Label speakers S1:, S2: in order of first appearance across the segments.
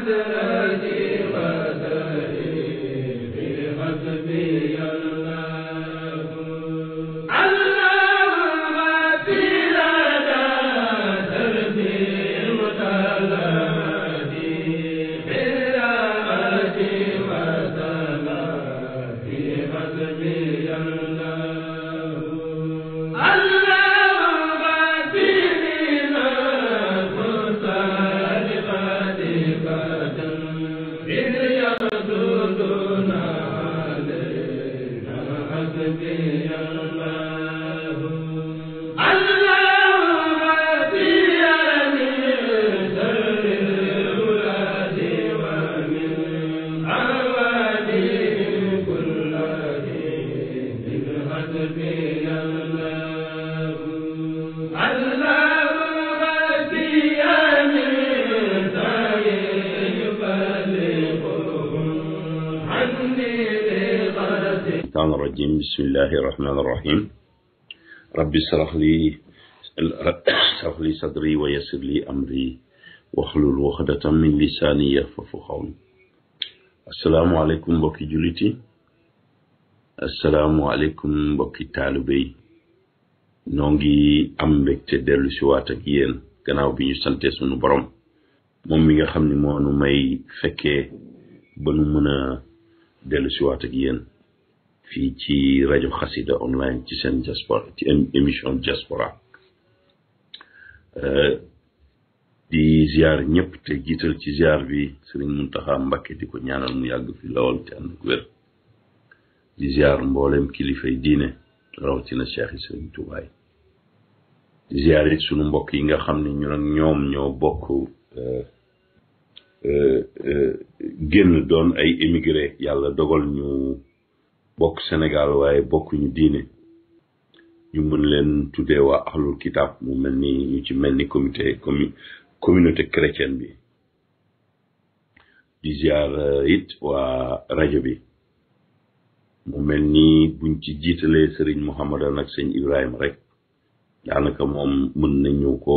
S1: بدرا
S2: israh li israh li sadri wa yassir li amri waxlul waxdatan min lisaani yafqahu qawli asalaamualeykum mbokki juliti asalaamualeykum mbokki taalibe yi noo ngi am mbégte dellu si waat ak yéen gannaaw bi sante sunu borom moom mi nga xam ni moo nu may fekkee ba nu mën a dellu si waat ak yéen fii ci rajo xasida online ci seen diaspora ci émission diaspora euh, di ziar ñëpp te jiital ci ziar bi sëriñ Muntaxa Mbàkke di ko ñaanal mu yàgg fi lawal te ànd ak wér di ziar mboolem kilifay diine rawatina cheikh yi sëriñ yi di ziar it sunu mbokk yi nga xam ne ñu nag ñoom ñoo bokk euh, euh, génn doon ay émigré yàlla dogal ñu bokk Sénégal waaye bokkuñu diine ñu mën leen tuddee waa axlul kitaab mu mel ni ñu ci mel ni comité commu communauté chrétienne bi di ziar eh, it waa rajo bi mu mel ni buñ ci jiitalee sëriñ Mouhamadan ak sëñ Ibrahima rek daanaka moom mën nañu ko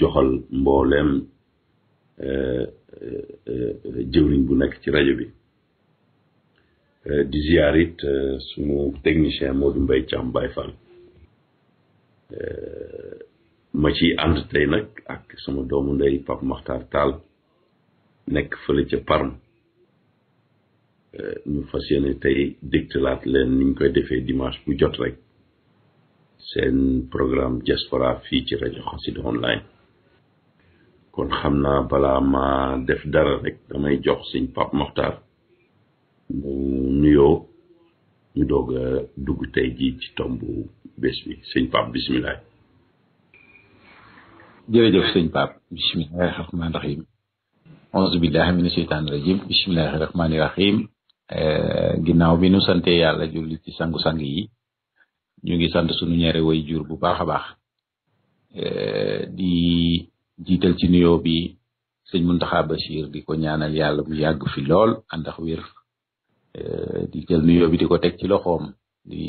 S2: joxal mbooleem eh, eh, jëwriñ bu nekk ci rajo bi Euh, di it euh, suñu technicien Modou Mbaye Thiam Baye Fall euh, ma ci ànd tey nag ak sama doomu ndey Pape Makhtar Tall nekk fële ca Parme ñu fas yéene tey dégtalaat leen niñ koy defee dimanche bu jot rek seen programme diaspora fii ci rajo Xassida online kon xam naa balaa ma def dara rek damay jox suñ Pape Makhtar mu nuyo ñu dog a dugg tey jii ci tombu bes bi pap bismillah
S3: jere jërëjëf seigne pap bismillah rahman rahim auzu billahi mina sheytaani rajim bismillah rahman rahim eh, ginaaw bi nu sante yalla julli ci sangu-sang yi ñu ngi sante suñu ñere way jur bu baax a baax eh, di jital ci nuyo bi seigne muntaha bashir di ko ñaanal yalla bu yag fi lol andax wir Eh, di jël nuyoo eh, eh, ah, bi di ko teg ci loxoom di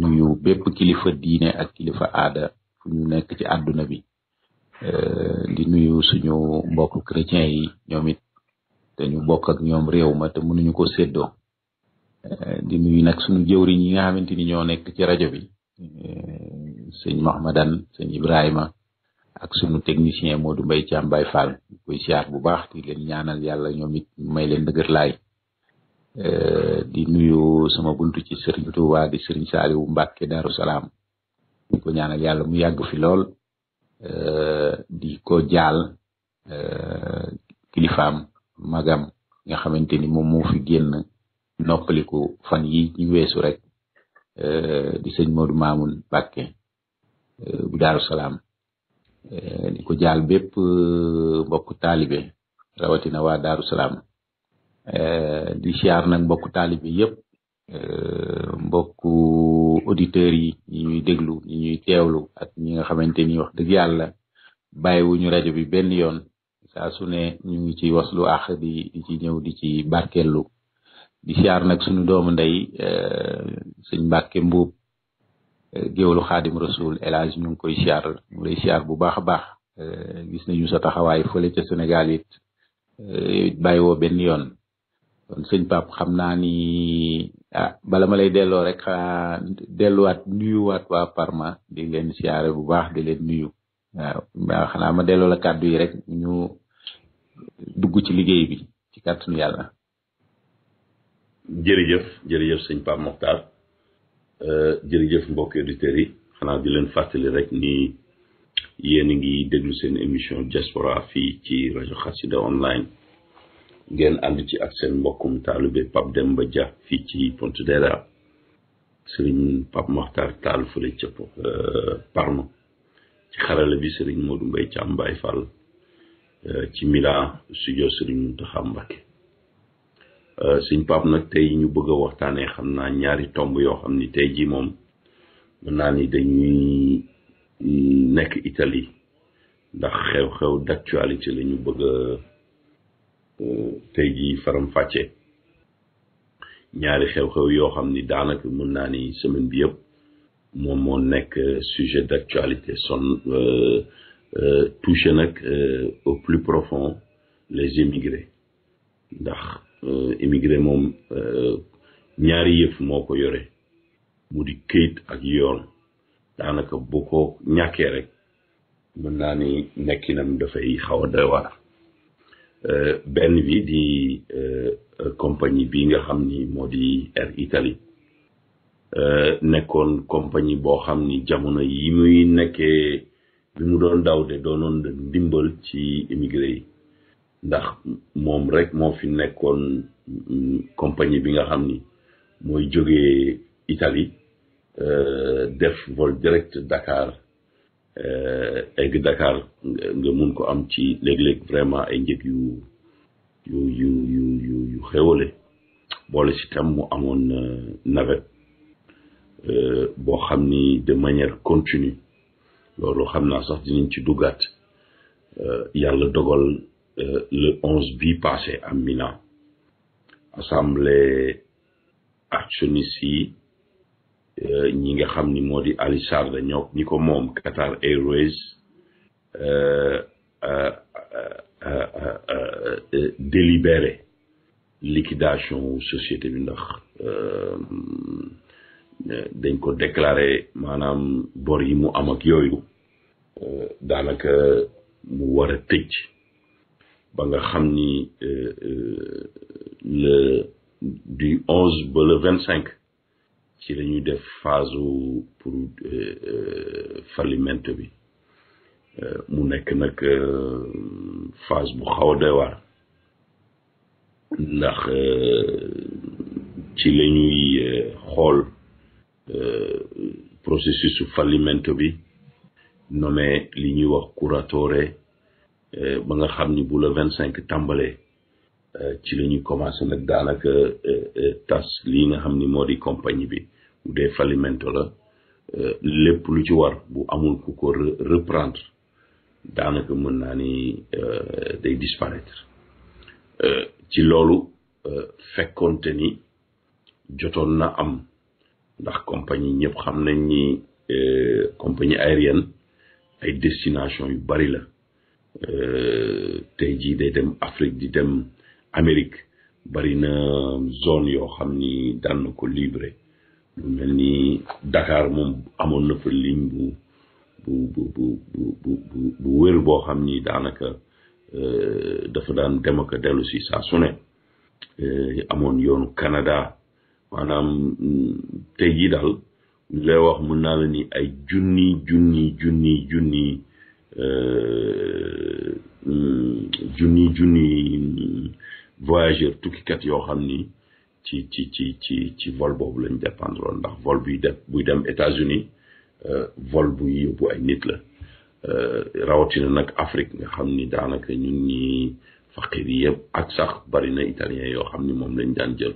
S3: nuyu bépp kilifa diine ak kilifa aada fu ñu nekk ci àdduna bi di nuyu suñu mbokk chrétien yi ñoom it te ñu bokk ak ñoom réew ma te mënuñu ko séddoo di nuyu nag suñu jëwriñ yi nga xamante ni ñoo nekk ci rajo bi sëñ mahmadan sëñ ibrahima ak sunu technicien modou mbay ci am bay fall koy siar bu baax di leen ñaanal yàlla ñoom it may leen dëgër laay Eh, di nuyu sama buntu ci Serigne Touba di Serigne Saliou Mbacke Darou Salaam di ko ñaanal yàlla mu yàgg fi lool eh, di ko jaal eh, kilifaam magam nga xamante ni moom moo fi génn noppaliku fan yi ñu weesu rek di sëñ Modou Mamoun Mbacke bu Darou Salaam di ko jaal bépp mbokk taalibe rawatina waa Darou Salaam. Euh, di siyaar nag mbokku taalibe yëpp euh, mbokku auditeurs yi ñuy déglu ñuy teewlu ak ñi nga xamante ni wax dëgg yàlla bàyyiwuñu rajo bi benn yoon saa su ne ñu ngi ci waslu àq di di ci ñëw di ci barkeelu di siyaar nag suñu doomu ndey euh, sëñ Mbàkke Mbuub géwlu xaadim rasul El Hadj ñu ngi koy siyaar ñu ngi lay siyaar bu baax a baax gis nañu sa taxawaay fële ca Sénégal it bàyyiwoo benn yoon kon sëñ pap xamna ni ah bala ma lay delo rek deluat nuyu wat wa Parma di len siare bu baax di len nuyu wa xana ma delo la kaddu yi rek ñu dugg ci liggey bi ci kàttanu yàlla. jërëjëf
S2: jërëjëf seigne pap Mokhtar jërëjëf mbokki auditeurs yi xanaa di len fatali rek ni yéen ngi déglu seen émission diaspora fi ci radio khassida online ngeen ànd ci ak seen mbokkum taalibe pap dem ba ja fii ci dera sëriñ pap maxtar taal fële euh, parma ci xarala bi sëriñ moodu mbay càmm baay fall euh, ci mila studio sëriñ mbake euh, sëñ pap nag tey ñu bëgg a waxtaanee xam naa ñaari tomb yoo xam ni tey ji moom mën naa ni dañuy mm, nekk italie ndax xew-xew d' actualité la ñu bëgg a tey jii faram fàcce ñaari xew-xew yoo xam ni daanaka mën naa ni semaine bi yëpp moom moo nekk sujet d'actualité son euh, euh, touché nag euh, au plus profond les immigrés ndax immigré moom ñaari yëf moo ko yore mu di këyit ak yoon daanaka bu ko ñàkkee rek mën naa ni nekkinam dafay xaw a doy waar Euh, benn bi di euh, compagnie bi nga xam ni moo di Air Italie euh, nekkoon compagnie boo xam ni jamono yi muy nekkee bi mu doon daw de doonoon ndimbal ci immigré yi ndax moom rek moo fi nekkoon mm, compagnie bi nga xam ni mooy jógee Italie def vol direct Dakar Euh, egg Dakar nga mun ko am ci léeg-léeg vraiment ay njëg yu yu yu yu yu yu xéwale boole si tam mu amoon euh, navette euh, boo xam ni de manière continue loolu xam naa sax dinañ ci duggaat yàlla dogal le 11 bi passé am mina assemblée actionnistes yi Euh, ñi nga xam ni moo di Ali Sarr ñoo ñi ko moom Qatar Airways euh, euh, délibéré liquidation société bi ndax dañ ko déclaré maanaam bor yi mu am ak yooyu daanaka mu war a tëj ba nga xam ni le du onze ba le vingt cinq ci la ñuy def phase pour euh, euh, fallimento bi euh, mu nekk nag phase bu xaw a doy waar ndax ci la ñuy xool processus fallimento bi nommé li ñuy wax curatore ba nga xam ni bula la vingt cinq tàmbalee ci la ñuy commencé nag daanaka tas lii nga xam ni moo di compagnie bi bu dee falimento la euh, lépp lu ci war bu amul ku ko reprendre daanaka mën naa ni euh, day disparaître euh, ci loolu fekkonte ni jotoon na am ndax compagnie ñëpp xam nañ ni compagnie aérienne ay destination yu bari la tey jii day dem Afrique di dem Amérique bari na zone yoo xam ni daan na ko libre mel ni Dakar moom amoon na fa bu bu bu bu bu bu wér boo xam ni daanaka euh, dafa daan dem ak si saa su euh, amoon yoonu Canada maanaam mm, tey jii daal lay wax mën naa la ni ay junni junni junni junni euh, mm, junni junni mm, yoo xam ni. ci ci ci ci ci vol boobu lañ dépendroon ndax vol buy dem buy dem États-Unis euh, vol buy yóbbu ay nit la euh, rawatina nag Afrique nga xam ni daanaka ñun ñi faqir yi yëpp ak sax bari na italien yoo xam ni moom lañ daan jël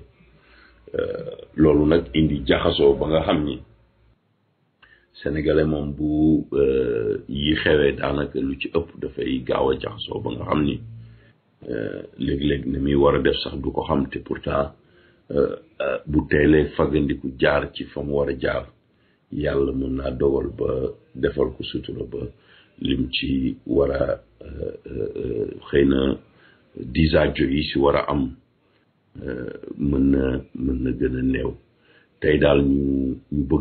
S2: euh, loolu nag indi jaxasoo ba nga xam ni sénégalais moom bu yi xewee daanaka lu ci ëpp dafay gaaw a jaxasoo ba nga xam ni léeg-léeg ni muy war a def sax du xam te pourtant Euh, euh, bu teelee fagandiku jaar ci fa mu war a jaar yàlla mun naa dogal ba defal ko sutura ba lim ci war a euh, xëy na disaajo yi ci war a am mën na mën na gën a néew tey daal ñu ñu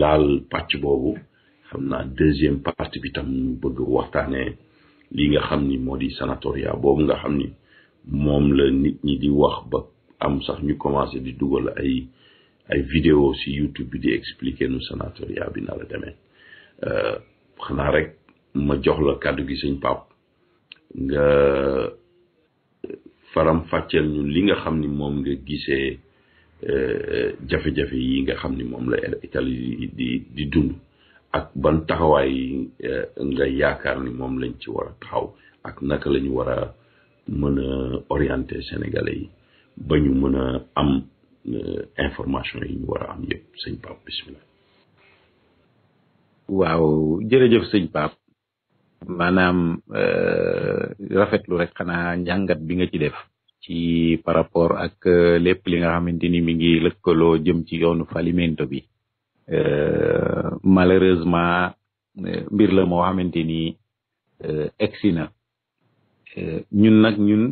S2: laal pàcc boobu xam naa deuxième partie bi tam ñu bëgg waxtaane li nga xam ni moo di sanatoria boobu nga xam ni moom la nit ñi di wax ba am sax ñu commencé di duggal ay ay vidéo si youtube bi di expliquer nu sanatoria bi na la euh xanaa rek ma jox la kàddu gi sëñ pap nga euh, faram faccel ñu li nga xam ni moom nga gisee euh, jafe-jafe yi nga xam ni la Italie di di dund ak ban taxawaay euh, nga yaakaar ni moom lañ ci war a taxaw ak naka lañu war a mën sénégalais ba ñu mën a am euh, information
S3: yi ñu war a am yëpp sëñ Pape bisimilah. waaw jërëjëf sëñ Pape maanaam euh, rafetlu rek xanaa njàngat bi nga ci def ci par rapport ak euh, lépp li nga xamante ni mi ngi lëkkaloo jëm ci yoonu Falimento bi malheureusement mbir la moo xamante ni egsi na ñun nag ñun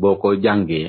S3: boo ko jàngee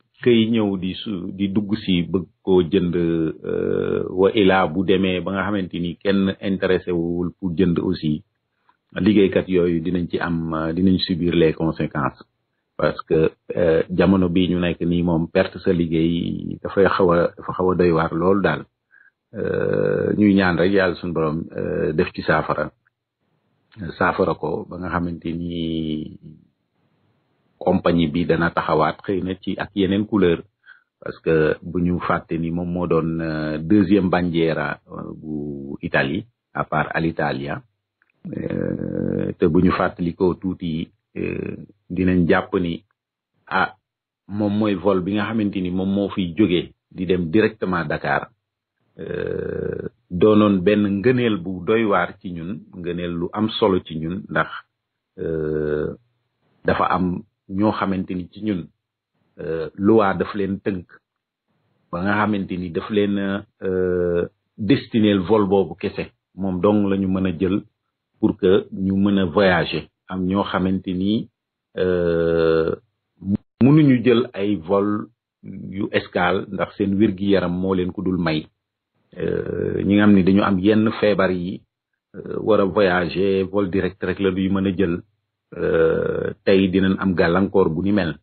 S3: kay ñew di di dugg ci bëgg ko jënd euh, wa ila bu démé ba nga xamanteni kenn intéressé wul pu jënd aussi liggéey kat yooyu dinañ ci am dinañ subir les conséquences parce que euh, jamono bi ñu nekk ni moom perte sa liggéey dafay xaw a dafa xaw a doy waar lool daal euh, ñuy ñaan rek yàlla suñu borom def ci saafara saafara ko ba nga xamanteni compagnie bi dana taxawaat xëy ci ak yeneen couleur parce que buñu ñu fàtte ni moom moo doon euh, deuxième bandiera euh, bu Italie à part Alitalia euh, te bu liko fàttalikoo tuuti dinañ jàpp ni ah moom mooy vol bi nga xamante ni moom moo fiy di dem directement Dakar donon ben ngëneel bu doy waar ci ñun ngëneel lu am solo ci ñun ndax dafa am ñoo xamante ni ci ñun euh, loi daf leen tënk ba nga xamante ni daf leen euh, destinel vol boobu kese moom dong la ñu mën a jël pour que ñu mën a voyager am ñoo xamante ni euh, ñu jël ay vol yu escale ndax seen wér-gi-yaram moo leen ku dul may ñi nga xam ne dañu am yenn feebar yi war a voyager vol direct rek la duy mën a jël Euh, tey dinañ am gàllankoor bu ni mel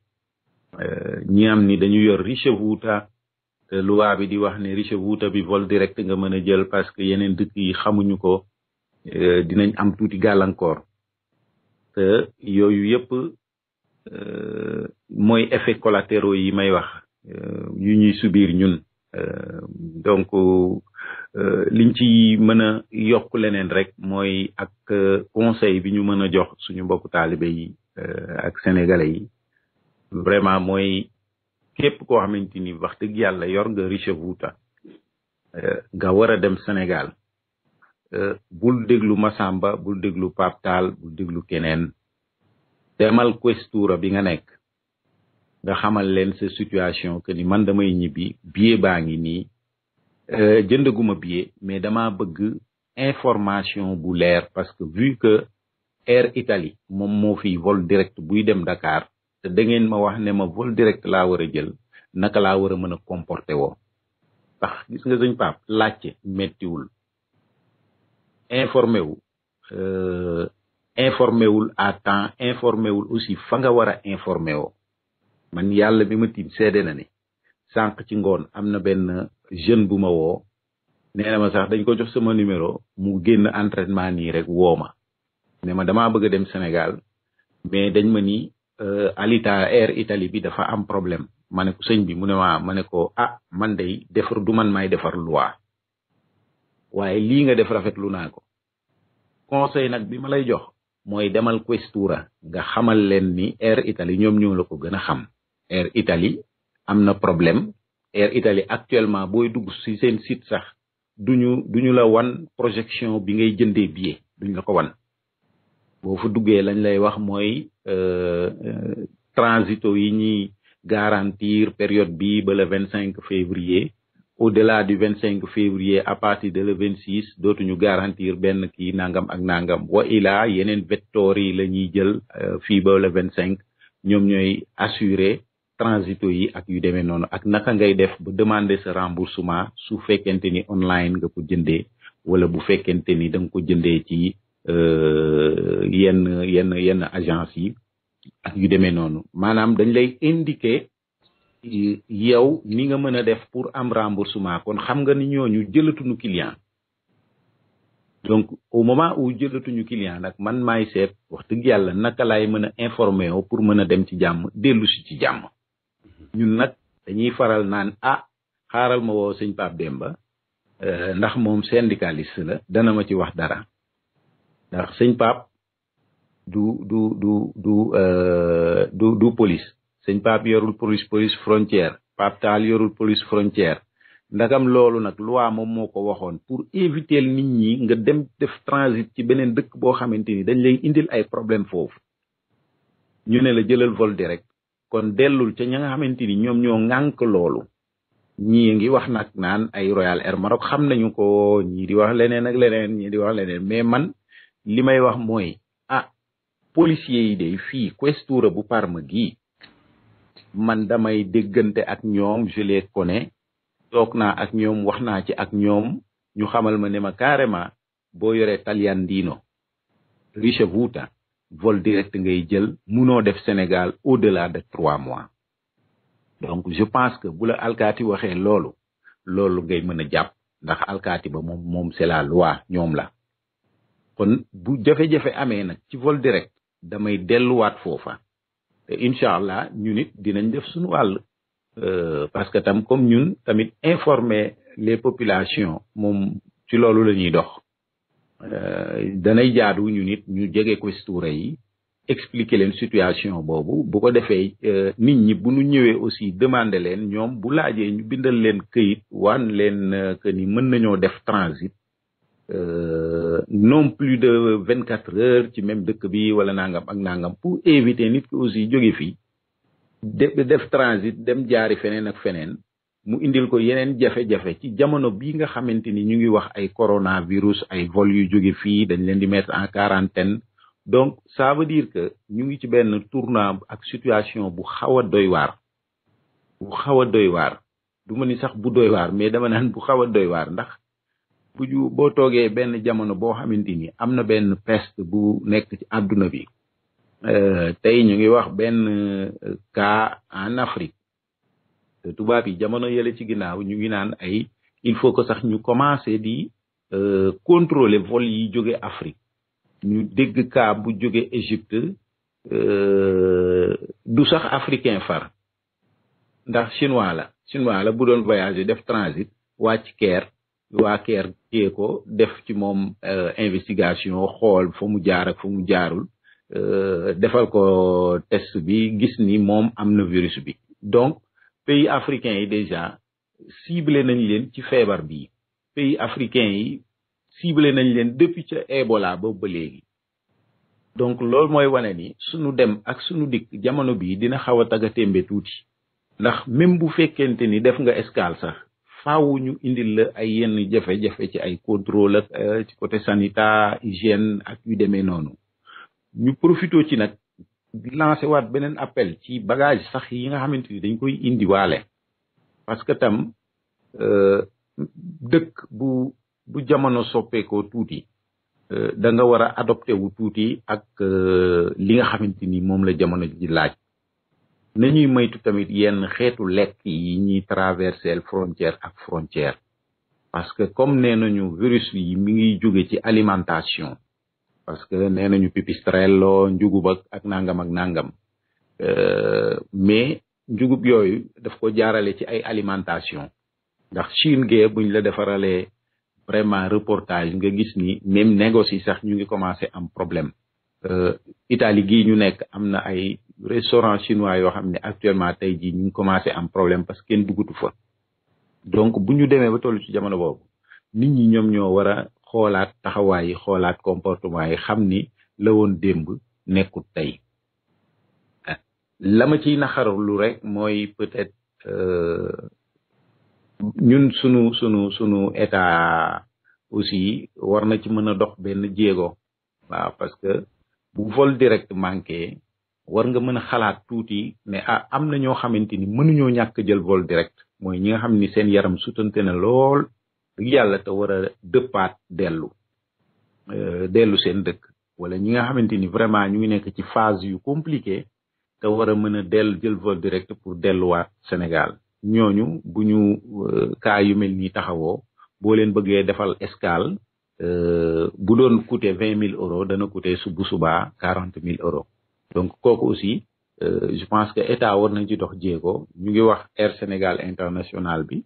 S3: euh, ñi am ni dañu yor richevouta te loi bi di wax ne richevouta bi vol direct nga mën a jël parce que yeneen dëkk yi xamuñu ko euh, dinañ am tuuti gàllankoor te yooyu yëpp mooy effet collatéraux yi may wax yu ñuy subir ñun donc Euh, liñ ci mën a yokk leneen rek mooy ak euh, conseil bi ñu mën a jox suñu mbokku taalibe yi euh, ak sénégalais yi vraiment mooy képp koo xamante ni wax dëgg yàlla yor nga Richevouta nga war a dem Sénégal bul déglu Masamba bul déglu Pape bul déglu keneen demal questura bi nga nekk nga xamal leen sa situation que ni man damay ñibbi billet baa ngi nii Euh, jëndaguma billet mais dama bëgg information bu leer parce que vu que Air Italie mom mo fi vol direct buy dem Dakar te da ngeen ma wax ne ma vol direct la wara jël naka la wara mëna comporté wo tax gis nga sëñ Pape laajte méttiwul informé wu euh, informé à temps informé wul aussi fa nga wara informé wo man yalla bima ma tiim na ni sànq ci ngoon am na benn jeune bu ma woo nee ma sax dañ ko jox sama numéro mu génn entraînement nii rek woo ma ne ma damaa bëgg a dem Sénégal mais dañ ma ni euh, Alita Air Italie bi dafa am problème ma ne ko sëñ bi mu ma ne ko ah man day defar du man may defar loi waaye lii nga def rafetlu naa ko conseil nag bi ma lay jox mooy demal questura nga xamal leen ni Air Italie ñoom ñoo la ko gën a xam Air Italie am na problème Air Italie actuellement booy dugg si seen site sax duñu duñu la wan projection bi ngay jëndee billet duñ la ko wan boo fa duggee lañ lay wax mooy euh, euh, transito yi ñuy garantir période bi ba le vingt cinq février au delà du vingt cinq février à partir de le vingt six dootuñu garantir benn kii nangam ak nangam wa ilaa yeneen vecteurs yi la ñuy jël euh, fii ba vingt cinq ñoom ñooy assurer transito yi ak yu deme noonu ak naka ngay def bu demander ce remboursement su fekkente ni online nga ko wala bu fekkente ni dang ko jëndee ci euh, yenn yenn yenn agence yi ak yu deme noonu manam dañ lay indiquer yow ni nga mëna def pour am remboursement kon xam nga ni ñooñu jëlatuñu client donc au moment où jëlatuñu client nak man may sét wax dëgg yalla naka lay mëna informer pour mëna dem ci jamm dellu ci jamm ñun nak dañuy faral naan ah xaaral ma woo sëñ Pape Demba eh, ndax moom syndicaliste la dana ma ci wax dara ndax sëñ Pape du du du du eh, du du police sëñ Pape yorul police police frontière Pape Tal yorul police frontière ndagam loolu nag loi moom moo ko waxoon pour éviter nit ñi nga dem def transit ci beneen dëkk boo xamante dañ lay indil ay problème foofu ñu ne la jëlal vol direct kon dellul ca ña nga xamante ni ñoom ñoo ŋànk loolu ñii ngi wax nag naan ay Royal Air Maroc xam nañu ko ñii di wax leneen ak leneen ñii di wax leneen mais man li may wax mooy ah policiers yi day fii questura bu Parma gii man damay déggante ak ñoom je les connais toog naa ak ñoom wax naa ci ak ñoom ñu xamal ma ne ma carrément boo yoree Taliandino Ricevuta ah, vol direct ngay jël munoo def Sénégal au-delà de trois mois donc je pense que bu la alkaati waxee loolu loolu ngay mën a jàpp ndax alkaati ba moom moom c'est la loi ñoom la kon bu jafe-jafe amee nag ci vol direct damay delluwaat foofa te incha allah ñu nit dinañ def suñu wàll euh, parce que tam comme ñun tamit informer les populations moom ci loolu la ñuy dox Euh, danay jaadu ñu nit ñu jege questure yi expliquer leen situation boobu bu ko defee euh, nit ñi bu ñu ñëwee aussi demander leen ñoom bu laajee ñu bindal leen këyit waan leen euh, que ni mën nañoo def transit non plus de vingt quatre heures ci même dëkk bi wala nangam ak nangam pour éviter nit ki aussi jóge fii def transit dem jaari feneen ak feneen mu indil ko yeneen jafe-jafe ci jamono bi nga xamanteni ñu ngi wax ay coronavirus ay vol yu jóge fi dañ leen di mettre en quarantaine donc ça veut dire que ñu ngi ci benn tournant ak situation bu xaw a doy waar bu xaw a doy waar du ma ni sax bu doy waar mais dama naan bu xaw a doy waar ndax bu ju bo toogee benn jamono bo xamanteni amna benn peste bu nekk ci aduna bi euh, tay ñu ngi wax benn euh, cas en Afrique Euh, tubaab yi jamono yele ci ginaaw ñu ngi naan ay il faut que sax ñu commencer di euh contrôler vol yi jóge Afrique ñu dégg ka bu jóge Égypte euh du sax africain far ndax chinois la chinois la bu doon voyager def transit wàcc keer wa keer téye ko def ci mom euh, investigation xol fu mu jaar ak fu mu jaarul euh defal ko test bi gis ni mom amna virus bi donc pays africains yi déjà ciblé nañ leen ci feebar bii pays africains yi ciblé nañ leen depuis ca Ebola boobu ba léegi donc loolu mooy wane ni suñu dem ak sunu dikk jamono bii dina xaw a tagatémbe tuuti ndax même bu fekkente ni def nga escale sax faaw ñu indil la ay yenn jafe-jafe ci ay contrôle ak euh, ci côté sanitaire hygiène ak yu demee noonu ñu profito ci nag lancé wat benen appel ci bagage sax yi nga xamanteni dañ koy walé parce que tam euh, dëkk bu bu jamono touti euh da nga wara adopté wu touti ak euh, li nga xamanteni ni la jamono ji laaj nañuy maytu tamit yenn xeetu lekk yi ñuy traversel frontière ak frontière parce que comme nee virus yi mi ngi joggé ci alimentation parce que nee nañu pipistrello njugub ak ak nangam ak nangam euh, mais njugub yooyu daf ko jaarale ci ay alimentation ndax Chine gee buñ la defaralee vraiment reportage nga gis ni même négoci sax ñu ngi commencé am problème euh, Italie gii ñu nekk am na ay restaurant chinois yoo xam ne actuellement tey jii ñu ngi commencé am problème parce que kenn dugutu fa donc bu ñu demee ba tollu ci jamono boobu nit ñi ñoom ñoo war xoolaat taxawaay yi xoolaat comportement yi xam ni la woon démb nekkut tey lama ma ciy naxarlu rek mooy peut-être euh, ñun sunu sunu sunu état aussi war na ci mën a dox benn jéego. waaw parce que bu vol direct manqué war nga mën a xalaat tuuti ne ah am na ñoo xamante ni mënuñoo ñàkk jël vol direct mooy ñi nga xam ni seen yaram sutante na lool. dëgg yàlla ta war a dëppaat dellu euh, dellu seen dëkk wala ñi nga xamante ni vraiment ñu ngi nekk ci phase yu compliqué te war a mën a dellu jël vol direct pour delluwaat Sénégal ñooñu bu ñu euh, cas yu mel nii taxawoo boo leen bëggee defal escale euh, bu doon coûter vingt mille euros dana coûter su bu subaa quarante mille euros donc kooku aussi je pense que état war nañ ci dox jéego ñu ngi wax Air Sénégal international bi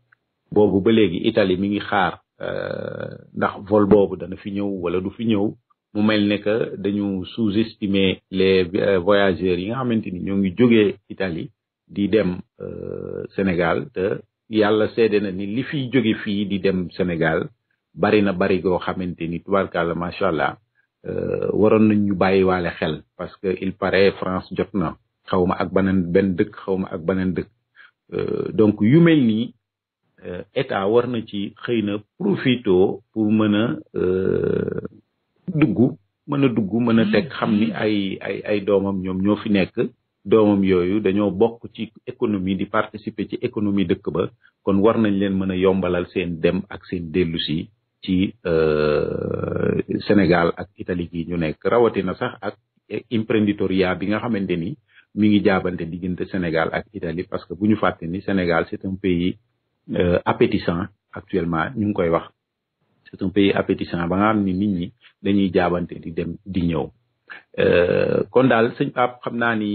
S3: boobu ba léegi Italie mi ngi xaar euh, ndax vol boobu dana fi ñëw wala du fi ñëw mu mel ne que dañu sous-estimer les euh, voyageurs yi nga xamante ni ngi Italie di dem euh, Sénégal te yàlla ni li di dem Sénégal bari na bari xel parce que il paraît France jot na ak beneen dëkk ak donc yu Eh, état war na ci xeyna profito pour mana eh, dugu mana mën a dugg mën a ay ay ay domam ñom ño fi nek domam yoyu dañoo bok ci économie di participer ci économie dëkk ba kon war nañ leen mën yombalal seen dem ak seen si ci eh, Sénégal ak Italie gi ñu rawati na sax ak imprenditoriat bi nga xamanteni mi ngi jaabante digënté Sénégal ak Italie parce que buñu faté ni Sénégal c'est un pays Euh, appétissant actuellement ñu ngi koy wax c'est un pays appétissant ba nga xam ni nit ñi dañuy jaabante di dem di ñëw euh, kon daal sëñ Pape xam naa ni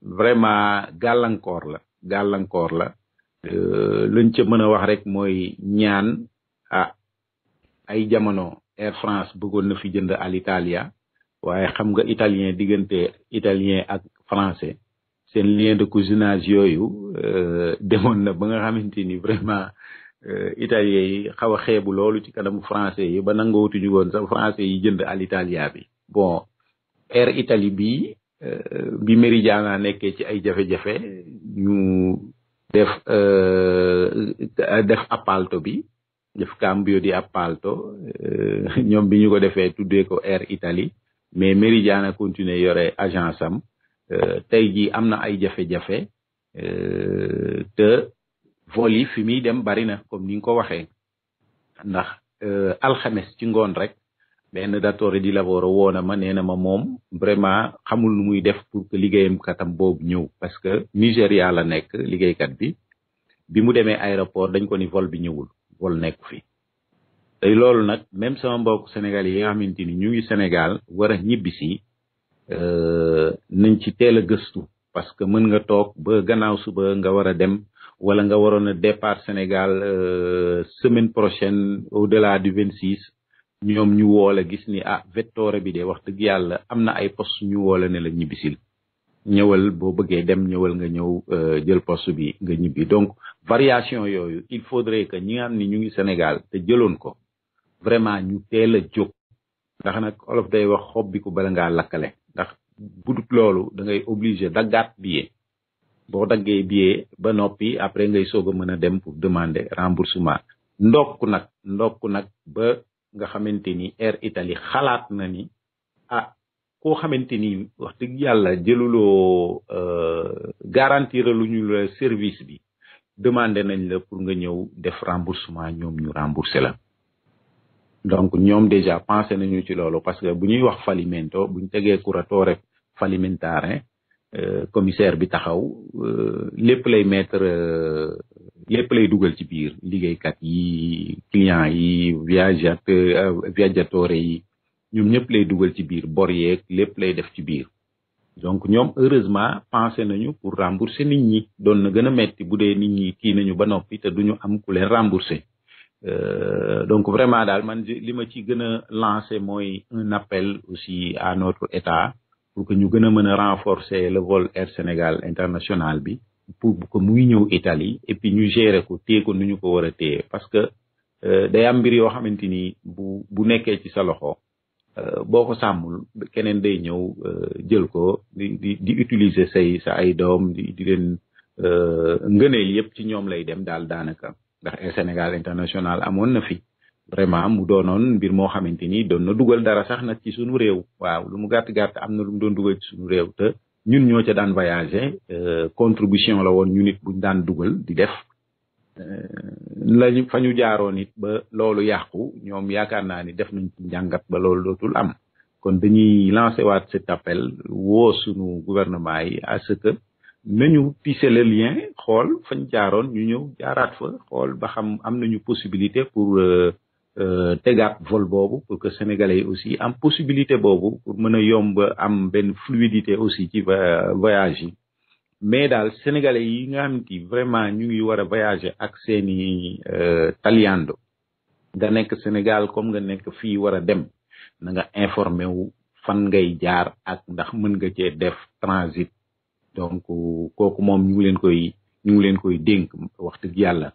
S3: vraiment gàllankoor la gàllankoor la euh, luñ ca mën a wax rek mooy ñaan ah ay jamono Air France bëggoon na fi jënd Alitalia waaye xam nga italien diggante italien ak français seen lien de cousinage yooyu euh, demoon na ba nga xamante ni vraiment euh, italiens yi xaw a xeebu loolu ci kanamu français yi ba nangootuñu woon sax français yi jënd Alitalia bi bon air itali bi euh, bi Meridiana nekkee ci ay jafe-jafe ñu def def appalto bi def cambio di appalto ñoom bi ñu ko defee tuddee ko air Italie mais Meridiana continuer yore agence am Euh, tay ji amna ay jafé jafe euh te voli fumi dem barina comme ni ngi ko waxé ndax euh, alxames ci ngon rek ben datore di laboro wona ma nee ma mom vraiment xamul nu muy def pour que ligéyam katam ñew parce que nigeria la nekk kat bi bi mu démé aéroport dañ ko ni vol bi ñewul vol nek fi tay lool nak même sama mbokk sénégal yi nga xamanteni ñu ngi sénégal wara ñibisi Euh, nañ ci teel a gëstu parce que mën nga toog ba gannaaw suba nga war a dem wala nga waroon a départ Sénégal euh, semaine prochaine au delà du 26 ñoom ñu woo la gis ni ah Vettori bi de wax dëgg yàlla am na ay poste ñu woola ne la ñibbisil ñëwal boo bëggee dem ñëwal nga ñëw euh, jël post bi nga ñibbi donc variation yooyu il faudrait que ñi nga xam ni ñu ngi Sénégal te jëloon ko vraiment ñu teel a jóg ndax nag olof day wax xob ko bala ngaa lakkale. ndax budut loolu da ngay obligé daggaat billet boo daggee billet ba noppi après ngay soog a mën a dem pour demander remboursement ndokk nag ndokk nag ba nga xamante ni air italie xalaat na ni ah koo xamante ni wax dëgg yàlla jëluloo euh, garantir luñu service bi demandé nañ la pour nga ñëw def remboursement ñoom ñu rembourser la donc ñoom déjà pensé nañu ci loolu parce que bu ñuy wax falimento bu ñu tegee curatore fallimentare euh, commissaire bi taxaw euh, lépp lay mettre euh, lépp lay dugal ci biir liggéeykat yi clients yi viaggiateur viaggiatore yi ñoom ñëpp lay dugal ci biir bor yeeg lépp lay def ci biir donc ñoom heureusement pensé nañu pour rembourser nit ñi doon na gën a metti bu dee nit ñi kii nañu ba noppi te du ñu am ku leen rembourser Euh, donc vraiment dal man li ma ci gëna lancer moy un appel aussi à notre état pour que ñu gëna mëna renforcer le vol Air Sénégal international bi pour que muy ñëw Italie et puis ñu gérer ko téye ko ñu ko wara a parce que euh, day am mbir yo xamanteni bu bu nekkee ci sa loxo euh, boo ko sàmmul keneen day ñëw jël ko di di utiliser say sa ay doom di di leen ngëneel yëpp ci ñom lay dem dal daanaka. ndax air sénégal international amoon na fi vraiment mu doonoon mbir moo xamante ni doon na dugal dara sax nag ci sunu réew waaw lu mu gàtt gàtt am na lu mu doon dugal ci sunu réew te ñun ñoo ca daan voyager euh, contribution la woon ñunit buñ daan dugal di def euh, lañu fa ñu jaaroon it ba loolu yàqu ñoom yaakaar naa ni def nañ ci njàngat ba loolu dootul am kon dañuy lancer waat cet appel woo sunu gouvernement yi à ce que nañu tisser le lien xool fañ jaaroon ñu ñëw jaaraat fa xool ba xam am nañu possibilité pour euh, euh, tegaat vol boobu pour que sénégalais yi aussi am possibilité boobu pour mën a yomb am benn fluidité aussi ci voyage yi mais daal sénégalais yi nga xam ni vraiment ñu ngi war a voyager ak seeni euh, taliando nga nekk Sénégal comme nga nekk fii war a dem na nga informé wu fan ngay jaar ak ndax mën nga cee def transit donc kooku moom ñu ngi leen koy ñu ngi leen koy dénk wax dëgg yàlla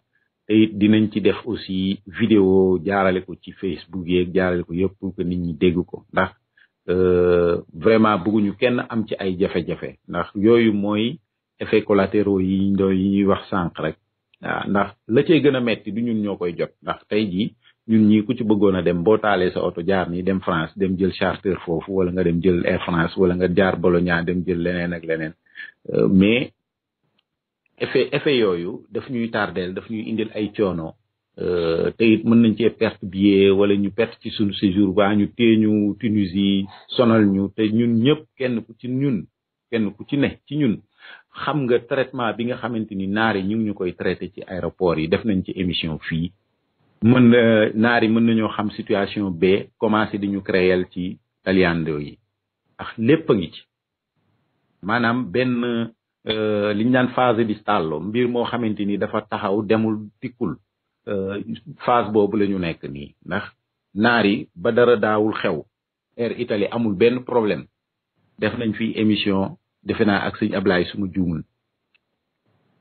S3: te it dinañ ci def aussi vidéo jaarale ko ci Facebook yeeg jaarale ko yëpp pour nit ñi dégg ko ndax euh, vraiment bëgguñu kenn am ci ay jafe-jafe ndax yooyu mooy effets collatéraux yi ñuy wax sànq rek waaw ndax la cay gën a metti du ñun ñoo koy jot ndax tey jii ñun ñii ku ci bëggoon a dem boo taalee sa oto jaar nii dem France dem jël charter foofu wala nga dem jël Air France wala nga jaar Bologna dem jël leneen ak leneen euh, mais effet effet yooyu daf ñuy tardeel daf ñuy indil ay coono euh, te it mën nañ cee perte billet wala ñu perte ci suñu séjour ba ñu téye ñu Tunisie sonal ñu te ñun ñëpp kenn ku ci ñun kenn ku ci ne ci ñun xam nga traitement bi nga xamante ni naar yi ñu ñu koy traité ci aéroport yi def nañ ci émission fii mën na naar yi mën nañoo xam situation bee commencé di ñu ci taliando yi ndax lépp a ngi ci maanaam benn euh, li ñu daan phase di stallo mbir moo xamante ni dafa taxaw demul dikkul euh, phase boobu la ñu nekk nii ndax naar yi ba dara daawul xew Air Italie amul benn problème def nañ fi émission defe naa ak sëñ Ablaye suma juumul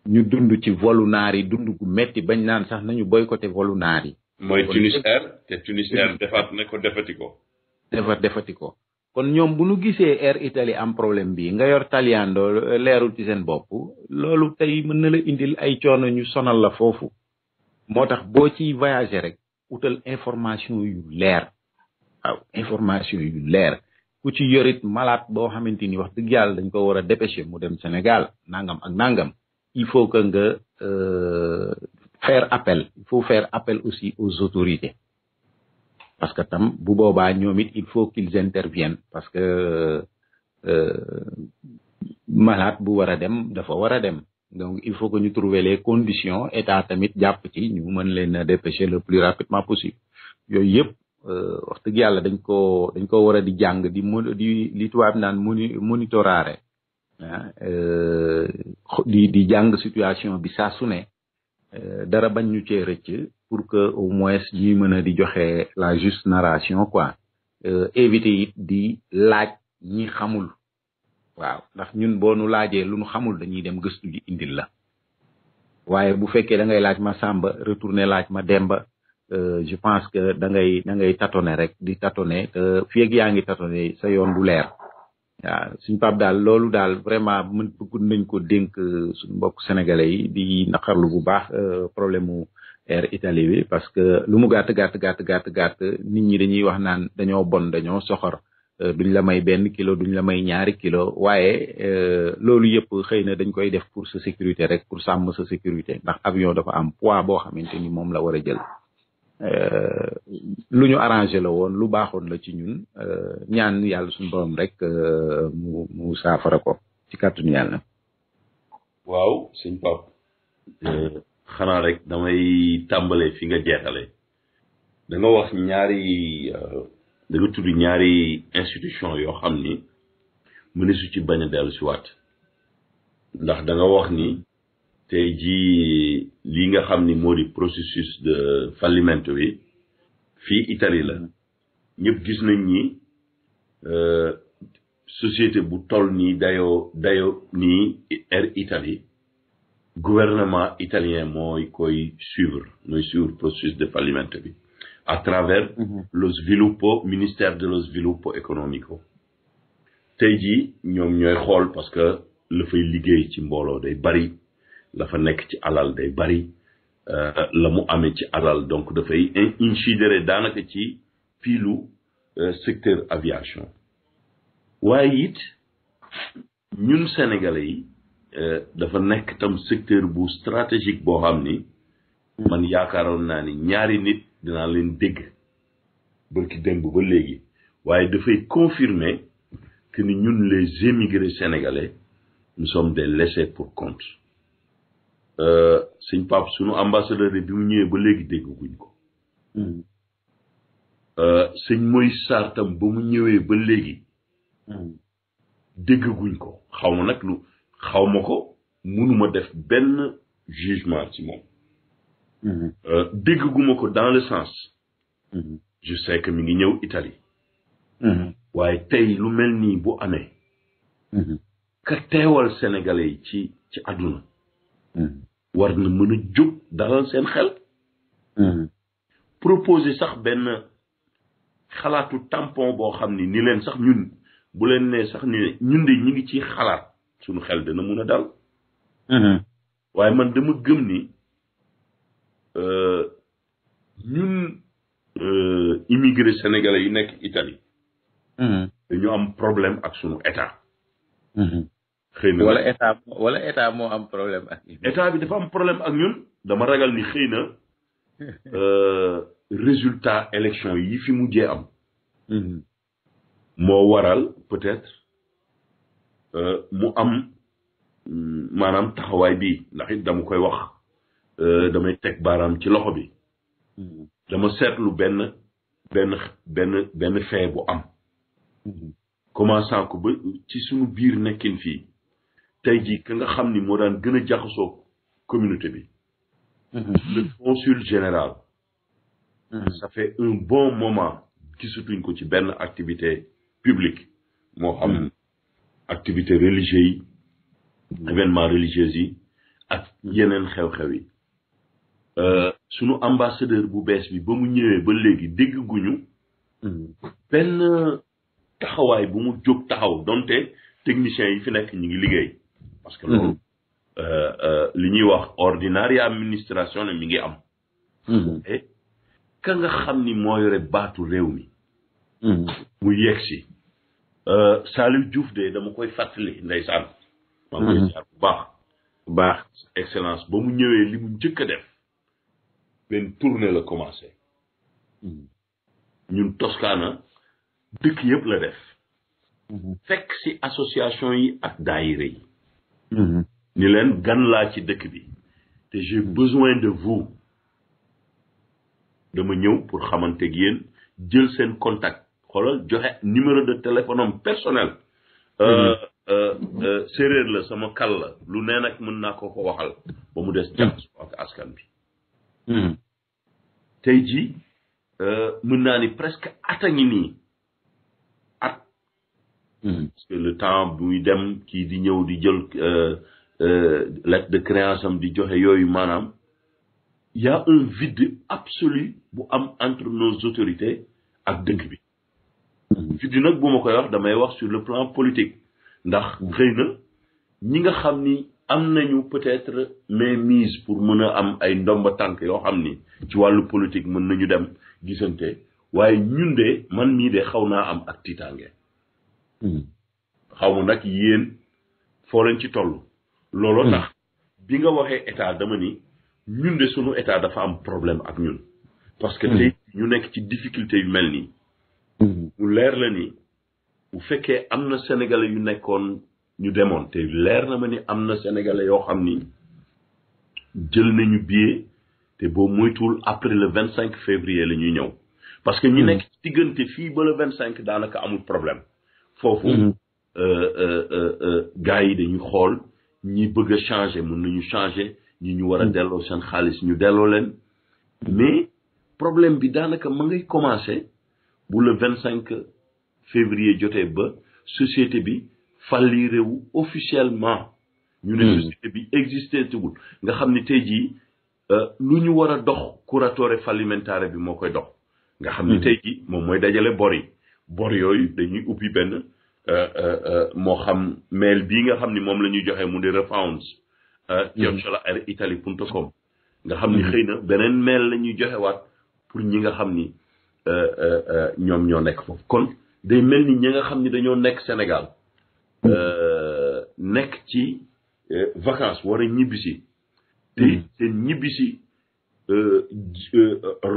S3: ñu dund ci volu naar yi dund gu metti bañ naan sax nañu boycotté volu naar yi. mooy Tunis Air te Tunis Air defaat na ko defati ko. kon ñoom bu nu gisee Air itali am problème bi nga yor Taliando leerul ci seen bopp loolu tey mën na la indil ay coono ñu sonal la foofu. moo tax boo ciy voyager rek utal information yu leer waaw information yu leer. ku ci yorit malaat boo xamante ni wax dëgg yàlla dañ ko war a dépêché mu dem Sénégal nangam ak nangam. il faut que euh, faire appel il faut faire appel aussi aux autorités parce que tam bu nyomit il faut qu'ils interviennent parce que euh, euh, malade bu war dem dafa dem donc il faut que ñu trouver les conditions état tamit jàpp ci ñu mën leen dépêcher le plus rapidement possible yooyu Euh, wax dëgg yàlla dañ ko dañ ko war a di jàng di di li tubaab naan moni Eh, di di jàng situation bi saa su eh, dara bañ ñu cee rëcc pour que au moins ñuy mën a di joxe la juste narration quoi eh, éviter it di laaj ñi xamul waaw ndax ñun boo nu laajee lu nu xamul dañuy dem gëstu ji indil la waaye bu fekkee da ngay laaj ma Samba retourner laaj ma Demba je pense que da ngay da ngay tâtonner rek di tâtonner te fii yaa ngi tâtonner sa yoon bu leer waaw suñ pap daal loolu daal vraiment mën bëgg nañ ko dénk suñ mbokk sénégalais yi di naqarlu bu baax euh, problème mu air Italie parce que lu mu gat gàtt gàtt gàtt gàtt nit ñi dañuy wax naan dañoo bon dañoo soxor euh, duñ la may benn kilo duñ la may ñaari kilo waaye euh, loolu yëpp xëy na dañ koy def pour sa sécurité rek pour sàmm sa sécurité ndax avion dafa am poids boo xamante ni moom la war a jël Euh, lu ñu arrangé la woon lu baaxoon la ci ñun euh, ñaan yàlla suñ boroom rek euh, mu mu saafara ko ci kàttanu yàlla. waaw suñ pap
S2: xanaa rek damay tàmbale fi nga jeexale da nga wax ñaari da nga tudd ñaari institution yoo xam ni mëneesu ci bañ a dellu si waat ndax da wax ni tey jii lii nga xam ni moo di processus de fallimento yi fii Italie la ñëpp gis nañ ni euh, société bu toll nii dayoo dayo nii Air Italie gouvernement italien mooy koy suivre mooy suivre processus de fallimento bi à travers mhm. lo sviluppo ministère de lo sviluppo economico tey jii ñoom ñooy xool parce que la fay liggéey ci mbooloo day bari la nekk ci alal day bari euh, la mu amee ci alal donc dafay incidéré daanaka ci piilu euh, secteur aviation waaye it ñun sénégalais yi euh, dafa nekk tam secteur bu stratégique boo xam ni man yaakaaroon naa ni ñaari nit dinaa leen dégg bërki démb ba léegi waaye dafay confirmer que ni ñun les émigrés sénégalais nous sommes de laissés pour compte Euh, sëñ Pape sunu ambassadeur bi mu ñëwee ba léegi dégguñ ko. Hmm. Euh, sëñ Moïse Sarr tam ba mu ñëwee ba léegi. Hmm. dégguñ ko xaw ma nag lu xawma ko mënuma def benn jugement ci moom. Hmm. Euh, dégguma ko dans le sens. je sais que mi ngi ñëw Italie. waaye tey lu mel nii bu amee. ka teewal sénégalais yi ci ci àdduna. war na mën jóg dalal seen xel. Hmm. proposer sax benn xalaatu tampon boo xam ni ni leen sax ñun bu leen nee sax ni ñun de ñu ngi ci xalaat suñu xel dana mun a dal. Hmm. waaye man dama gëm ni euh, ñun euh, immigré sénégalais yi nekk Italie. Hmm. dañu am problème ak sunu état.
S1: xëy na wala
S3: état wala état moo am problème ak état bi dafa am
S2: problème ak ñun dama ragal ni xëy na résultat élection yi fi mujjee am moo waral peut-être mu am maanaam taxawaay bi ndax it dama koy wax damay teg baaraam ci loxo bi dama seetlu benn benn benn benn fee bu am commençant ko ba ci suñu biir nekkin fii tey jii ka nga xam ni moo daan gën a jaxasoo communauté bi. Mhm. le consul général. Mhm. ça fait un bon moment gisatuñ ko ci benn activité publique moo xam mhm. activité religieux yi événement religieux yi ak yeneen xew-xew yi euh, sunu ambassadeur bu bees bi ba mu ñëwee ba léegi dégg guñu benn taxawaay bu mu jóg taxaw donte techniciens yi fi nekk ñu ngi liggéey parce que loolu mhm. euh, euh, li ñuy wax ordinaire administration la mi ngi am mhm. et ka nga xam ni moo yore baatu réew mi mhm. mu yegg si euh, Saliou juuf de dama koy fàttali ndeysaan maa koy jaar bu baax bu baax excellence ba mu ñëwee li mu njëkk a def benn tournée la commencé ñun Toscana dëkk yëpp la def fekk si association yi ak daayira yi Mhm. ni leen gan laa ci dëkk bi te j'ai besoin de vous dama ñëw pour xamante ak yéen jël seen contact xoolal joxe numéro de téléphone am personnel. Euh, mhm. euh, euh, séréer la sama kal la lu nee mën naa koo ko waxal ba mu des jaxasoo mhm. ak askan bi. tey ji mën naa ni presque at a ngi nii. Hmm. parce que le temps muy dem kii di ñëw di jël euh euh lettre de créance am di joxe manam il y a un vide absolu bu am entre nos autorités ak dëkk bi hmm. vide nak bu ma koy wax damay wax sur le plan politique ndax xëy na ñi nga xam ni am nañu peut-être mais mise pour mëna am ay ndomba tank yo xam ni ci walu politique mën nañu dem gisante waaye ñun de man mii de xaw naa am ak tiitaange Hmm. xaw ma nag yéen foo leen ci toll. looloo hmm. tax bi nga waxee état dama ni ñun de sunu état dafa am problème ak ñun. parce que hmm. tey ñu nekk ci difficulté yu mel nii. mu leer la ni bu fekkee am na sénégalais yu nekkoon ñu demoon te leer na ma ni am na sénégalais yoo xam ni jël nañu billet te boo moytuwul après le vingt cinq février la ñuy ñëw. parce que ñu nekk ci diggante fii ba le vingt cinq daanaka amul problème. foofu mm-hmm. euh, euh, euh, gars yi dañu xool ñi bëgg a mun mën nañu changer ñi ñu war a mm-hmm. delloo seen xaalis ñu delloo leen mais problème bi daanaka ma ngay commencé bu le vingt cinq février jotee ba société bi falliré réew officiellement ñu ne mm-hmm. société bi existé tugul nga xam ni tey jii lu ñu war a dox curatore fallimentare bi moo koy dox nga xam ne tey jii moom mooy dajale bor yi bor yooyu dañuy ubbi benn euh, euh, euh, moo xam mail bii nga xam ni moom la ñuy joxe mu di refounds mm-hmm. chiocciola italie punto com nga xam ni mm-hmm. xëy na beneen mail la ñuy joxewaat pour ñi nga xam ni ñoom ñoo nekk foofu kon day mel ni ñi nga xam ni dañoo nekk Sénégal mm-hmm. nekk ci vacances war a ñibbisi te seen ñibbisi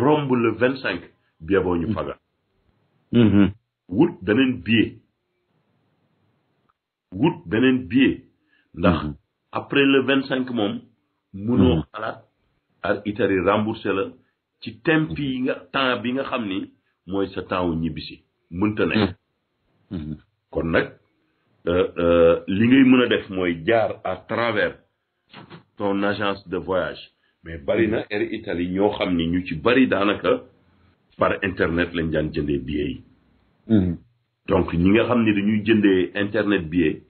S2: romb le vingt cinq bie boo ñu faga wut benen biye wut benen biye ndax hmm. après le 25 mom, mëno hmm. xalat ar itari remboursé la ci tempi yi nga temps bi nga xamni moy sa temps wu ñibbisi mënta nek hmm. kon euh, euh li ngay mëna def moy jaar à travers ton agence de voyage mais bari na air italie ño xamni ni ñu ci bari danaka par internet lañ daan jëndee billet yi Mm-hmm. donc ñi nga xam ni dañuy jëndee internet billet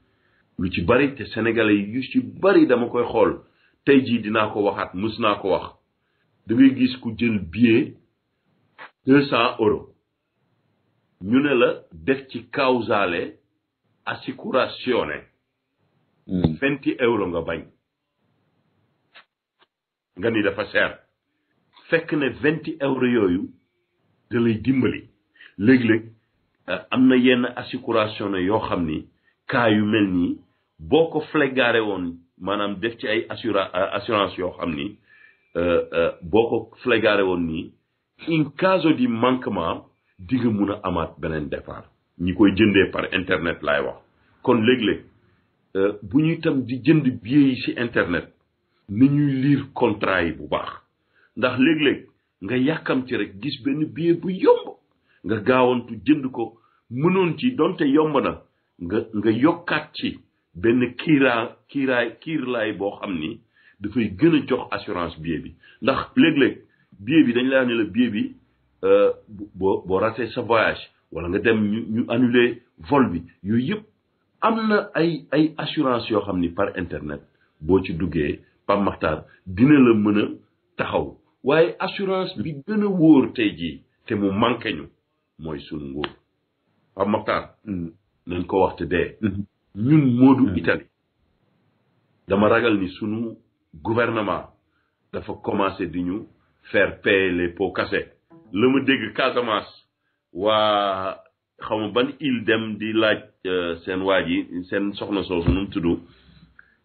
S2: lu ci bari te sénégalais yi yu ci bari dama koy xool tey jii dinaa ko waxaat mus naa ko wax da gis ku jël billet deux cent euros ñu ne la def ci causale assicurazione mm-hmm. vingt euros nga bañ nga ni dafa cher fekk ne vingt euros yooyu da lay dimbali léeg-léeg Euh, am na yenn assécuration ne yoo xam ni cas yu mel nii boo ko flégaré woon maanaam def ci ay assura euh, assurance yoo xam ni euh, boo ko flégaré woon nii in caso di manquement di mun a amaat beneen départ ñi koy jëndee par internet laay wax kon léeg-léeg bu ñuy tam di jënd billet yi ci internet ni ñuy lire contrat yi bu baax ndax léeg-léeg nga yàkkam rek gis benn billet bu yomb nga gaawantu jënd ko mënoon ci donte yomb na nga nga yokkaat ci benn kiiraa kiiraay kiirlaay boo xam ni dafay gën a jox assurance billet bi ndax léeg-léeg billet bi dañ laa ne la billet bi euh, bo boo raté sa voyage wala nga dem ñu ñu vol bi yooyu yëpp am na ay ay assurance yoo xam ni par internet boo ci duggee Pape Makhtar dina la mën a taxaw waaye assurance bi gën a wóor tey jii te mu manqué ñu mooy sunu nguur Pape Mokhtar. Mm. nañ ko wax te dee. Mm-hmm. ñun moodu mm-hmm. Italie. dama ragal ni sunu gouvernement dafa commencé di ñu faire payer les pots cassés. la ma dégg Casamance waa xaw ma ban il dem di laaj euh, seen waaj yi seen soxna soosu nu mu tudd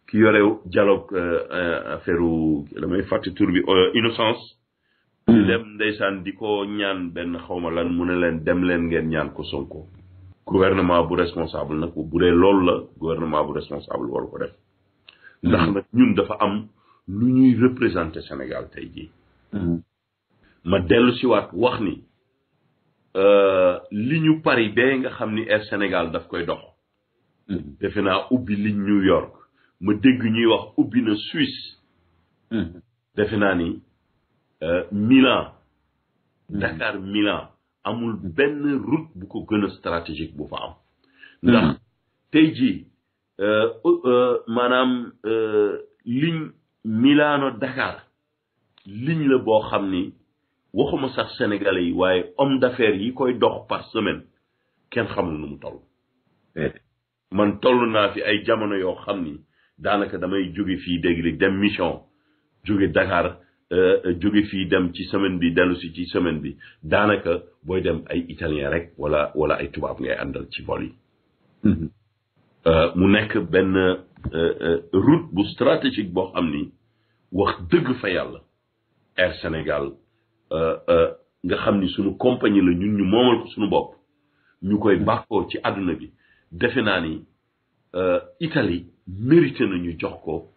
S2: ki yore dialogue euh, euh, affaire damay fàtte tur bi innocence. ñu hmm. dem ndeysaan di ko ñaan benn xawma lan mu ne leen dem leen ngeen ñaan ko ko gouvernement bu responsable nag bu dee loolu la gouvernement bu responsable waru ko def hmm. ndax nag ñun dafa am lu ñuy représenté Sénégal tey jii hmm. ma dellu si waat wax ni euh, li ñu Paris bee nga xam ni Air Sénégal daf koy dox defe naa ubbi liñ New York ma dégg ñuy wax ubbi na Suisse defe naa ni Euh, Milan hmm. Dakar Milan amul hmm. benn route bu ko gën a stratégique bu fa am hmm. ndax tey jii euh, euh, maanaam ligne Milano Dakar ligne la boo xam ni waxuma sax sénégalais yi waaye homme d'affaires yi koy dox par semaine kenn xamul nu mu toll eh. man toll naa fi ay jamono yoo xam ni daanaka damay jóge fii dégg dem mission jóge Dakar Euh, jóge fii dem ci semaine bi dellu si ci semaine bi daanaka booy dem ay italien rek wala wala ay tubaab ngay àndal ci vol yi mm-hmm. euh, mu nekk benn euh, route bu stratégique boo xam ni wax dëgg fa yàlla Air Sénégal nga xam ni sunu compagnie la ñun ñu moomal ko suñu bopp ñu koy mm-hmm. bàkkoo ci àdduna bi defe naa ni Italie mérité na ñu jox ko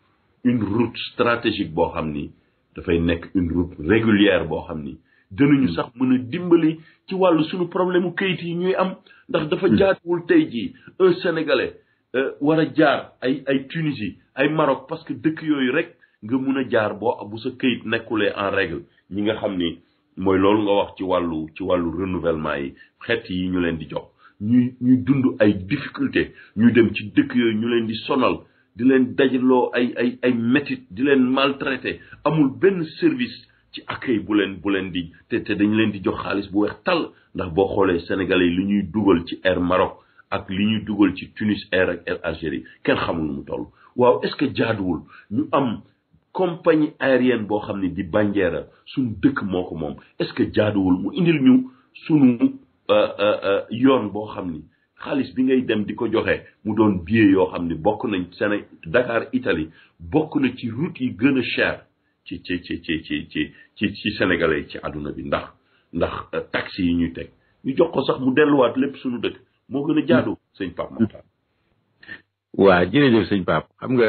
S2: une route stratégique boo xam ni dafay nekk une route régulière boo xam ni dinañu sax mën a dimbali ci wàllu suñu problème mu kayit yi ñuy am ndax dafa hmm. jaatuwul tey jii un sénégalais euh, war a jaar ay ay Tunisie ay Maroc parce que dëkk yooyu rek nga mun a jaar boo bu sa këyit nekkulee en règle ñi nga xam ni mooy loolu nga wax ci wàllu ci wàllu renouvellement yi xeet yi ñu leen di jox ñuy ñuy dund ay difficulté ñu dem ci dëkk yooyu ñu leen di sonal di leen dajaloo ay ay ay métit di leen maltraité amul benn service ci yi bu leen bu leen di te te dañ leen di jox xaalis bu weex tàll ndax boo xoolee sénégalais yi li ñuy dugal ci air Maroc ak li ñuy dugal ci Tunis air ak air Algérie kenn xamul nu mu toll waaw est-ce que jaaduwul ñu am compagnie aérienne boo xam ne di Bandiera suñu dëkk moo ko moom est-ce que jaaduwul mu indil ñu sunu euh, euh, euh, yoon boo xam ni xaalis bi ngay dem di ko joxe mu doon billet yoo xam ne bokk nañ sene Dakar itali bokk na ci route yi gën a cher ci ci ci ci ci ci ci ci ci àdduna bi ndax ndax euh, taxi yi ñuy teg ñu jox ko sax mu delluwaat lépp suñu dëkk moo gën a jaadu sëñ Pape
S3: waa jërëjëf sëñ Pape xam nga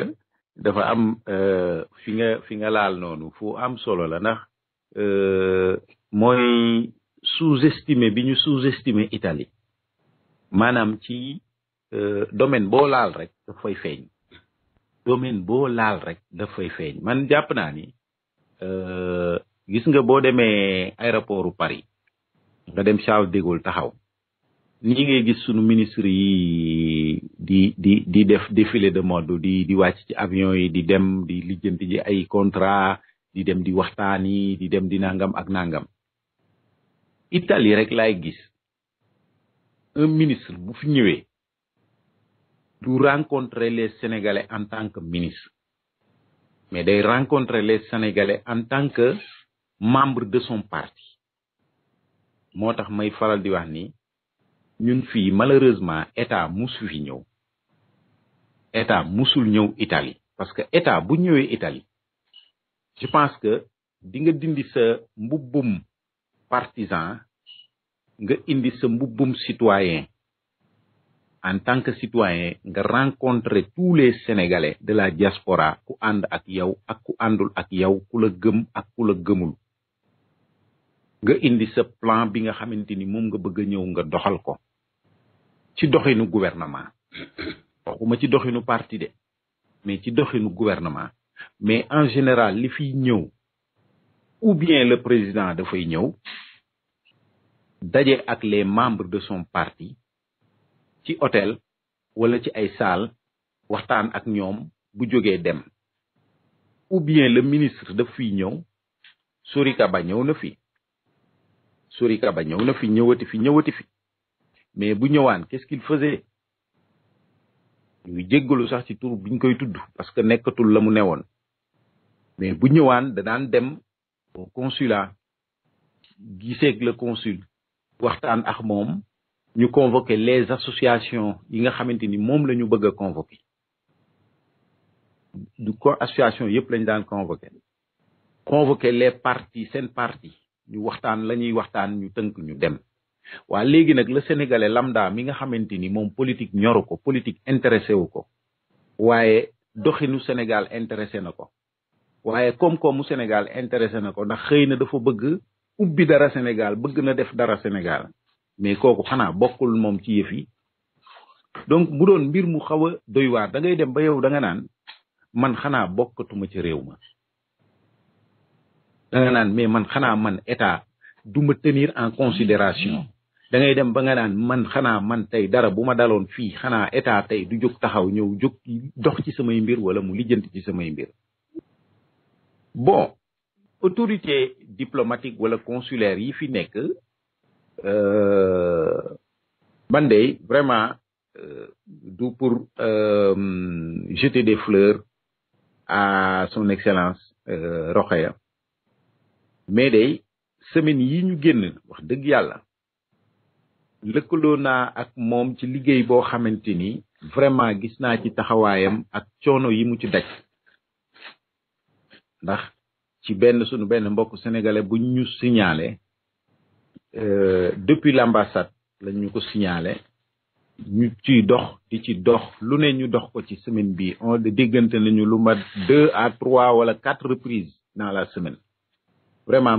S3: dafa am euh, fi nga fi nga laal noonu fu am solo la ndax euh, mooy sous-estimé bi ñu sous-estimé Italie. manam ci eh, domaine bo laal rek da fay feñ domaine bo laal rek da fay feñ man japp na ni eh, gis nga bo démé aéroportu Paris nga dem Charles de Gaulle taxaw ni ngay gis sunu ministre yi di di di def défilé de mode di di wacc ci avion yi di dem di lijeenti ji ay contrat di dem di waxtani di dem di nangam ak nangam italy rek lay gis un ministre bu fi rencontrer les sénégalais en tant que ministre mais day rencontrer les sénégalais en tant que membre de son parti motax may faral di wax ni ñun fi malheureusement état musu fi ñëw état musul ñëw Italie parce que état bu ñëwé Italie je pense que di nga dindi sa partisans partisan nga indi sa mbubum citoyen en tant que citoyen nga rencontrer tous les sénégalais de la diaspora ku and ak yow ak ku andul ak yow ku la gëm ak ku la gëmul nga indi sa plan bi nga xamanteni mom nga bëgg ñëw nga doxal ko ci doxinu gouvernement waxuma ci doxinu parti de mais ci doxinu gouvernement mais en général li fi ñëw ou bien le président da fay ñëw daje ak les membres de son parti ci hôtel wala ci ay salle waxtaan ak ñoom bu jógee dem ou bien le ministre daf fiy ñëw Sori Kaba ñëw na fi Sori Kaba ñëw na fi ñëwati fi ñëwati fi mais bu ñëwaan qu'est-ce qu'il faisait ñuy jéggalu sax ci tur biñ koy tudd parce que nekkatul la mu woon mais bu ñëwaan da daan dem au consulat giseeg le consul waxtaan ak moom ñu convoqué les associations yi nga xamante ni moom la ñu bëgg a convoqué du ko association yëpp lañu daan convoqué convoqué les partis seen parti ñu waxtaan la ñuy waxtaan ñu tënk ñu dem waa léegi nag le sénégalais lambda mi nga xamante ni moom politique ñoru ko politique intéressé wu ko waaye doxinu Sénégal intéressé na ko waaye koom-koomu Sénégal intéressé na ko ndax xëy na dafa bëgg ubbi dara senegal bëgg na def dara senegal mais koku xana bokul mom ci yëf yi donc bu doon mbir mu xawa doy waar da ngay dem ba yow da nga naan man xana bokkatuma ci réew ma da nga naan mais man xana man état du ma tenir en considération da ngay dem ba nga naan man xana man tey dara bu ma daloon fii xanaa état tey du jóg taxaw ñëw jóg dox ci samay mbir wala mu lijjanti ci samay mbir bon autorité diplomatique ou consulaire yi fi que euh vraiment euh, d'où pour euh, jeter des fleurs à son excellence euh, Rochaya. mais day semaine yi ñu génn wax de yalla Le naa ak mom ci liggéey bo xamanteni vraiment gis na ci taxawayam ak choono yi mu ci daj ndax ci benn sunu benn sénégalais bu ñu euh, depuis l'ambassade lañ ñu ko signalé ñu ci dox ci dox lu semaine on à trois quatre reprises dans la semaine vraiment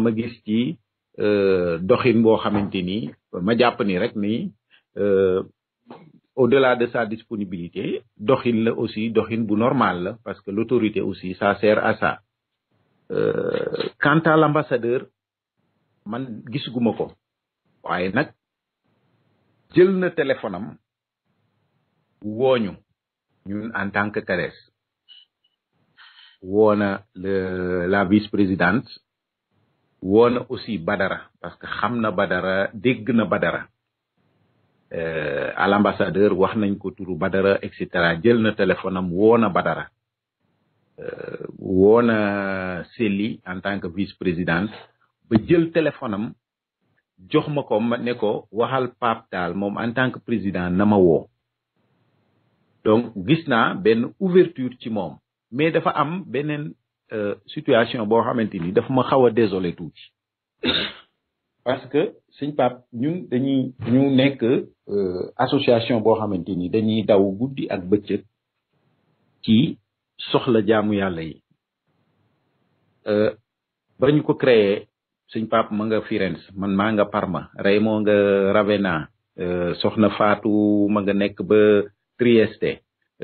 S3: au-delà de sa disponibilité aussi normal parce que l'autorité aussi ça sert à ça quant euh, à l'ambassadeur man gisuguma ko waaye nag jël na téléphone am wooñu en tant que CARES woona la vice-présidente woona aussi Badara parce que xam na Badara dégg na Badara euh, à l'ambassadeur wax nañ ko turu Badara et cetera jël na téléphone am woona Badara Euh, woo na Sely en tant que vice président ba jël téléphone am jox ma ko ma ne ko waxal Pape Tall moom en tant que président na ma woo donc gis naa benn ouverture ci moom mais dafa am beneen euh, situation boo xamante ni dafa ma xaw a désolé tuuti parce que sëñ Pape ñun dañuy ñu nekk euh, association boo xamante ni dañuy daw guddi ak bëccëg ci soxla jaamu yàlla yi euh, ba ñu ko créé suñ pap ma nga Firenze man maa nga Parma Raymo nga Ravenna euh, soxna Fatou ma nga nekk ba Trieste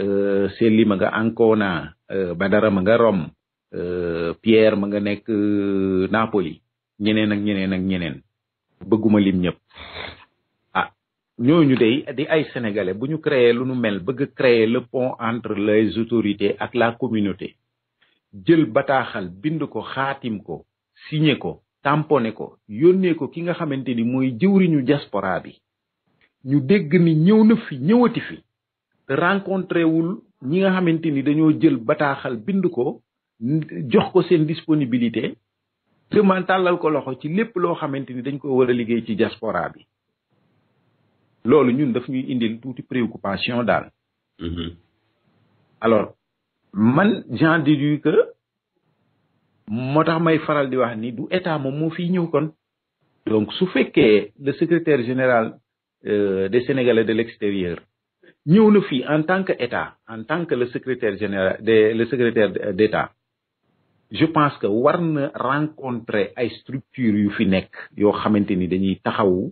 S3: euh, Seli ma nga Ancona Badara ma nga Rome Pierre ma nga nekk Napoli ñeneen ak ñeneen ak ñeneen bëgguma lim ñëpp ñooñu day di ay sénégalais bu ñu créer lu nu mel bëgg créer le pont entre les autorités ak la communauté jël bataaxal bind ko xaatim ko signé ko tamponné ko yónnee ko ki nga xamante ni mooy jëwriñu diaspora bi ñu dégg ni ñëw na fi ñëwati fi te rencontré wul ñi nga xamante ni dañoo jël bataaxal bind ko jox ko seen disponibilité deman tàllal ko loxo ci lépp loo xamante ni dañ ko war a liggéey ci diaspora bi loolu ñun daf ñuy indil tuuti préoccupation daal. Mhm. alors man j'en que moo tax may faral di wax ni du état moom moo fiy ñëw kon. donc su fekkee le secrétaire général euh, des Sénégalais de l'extérieur ñëw na fi en tant que état en tant que le secrétaire général de le secrétaire d'état je pense que war na rencontrer ay structures yu fi nekk yoo xamante ni dañuy taxawu.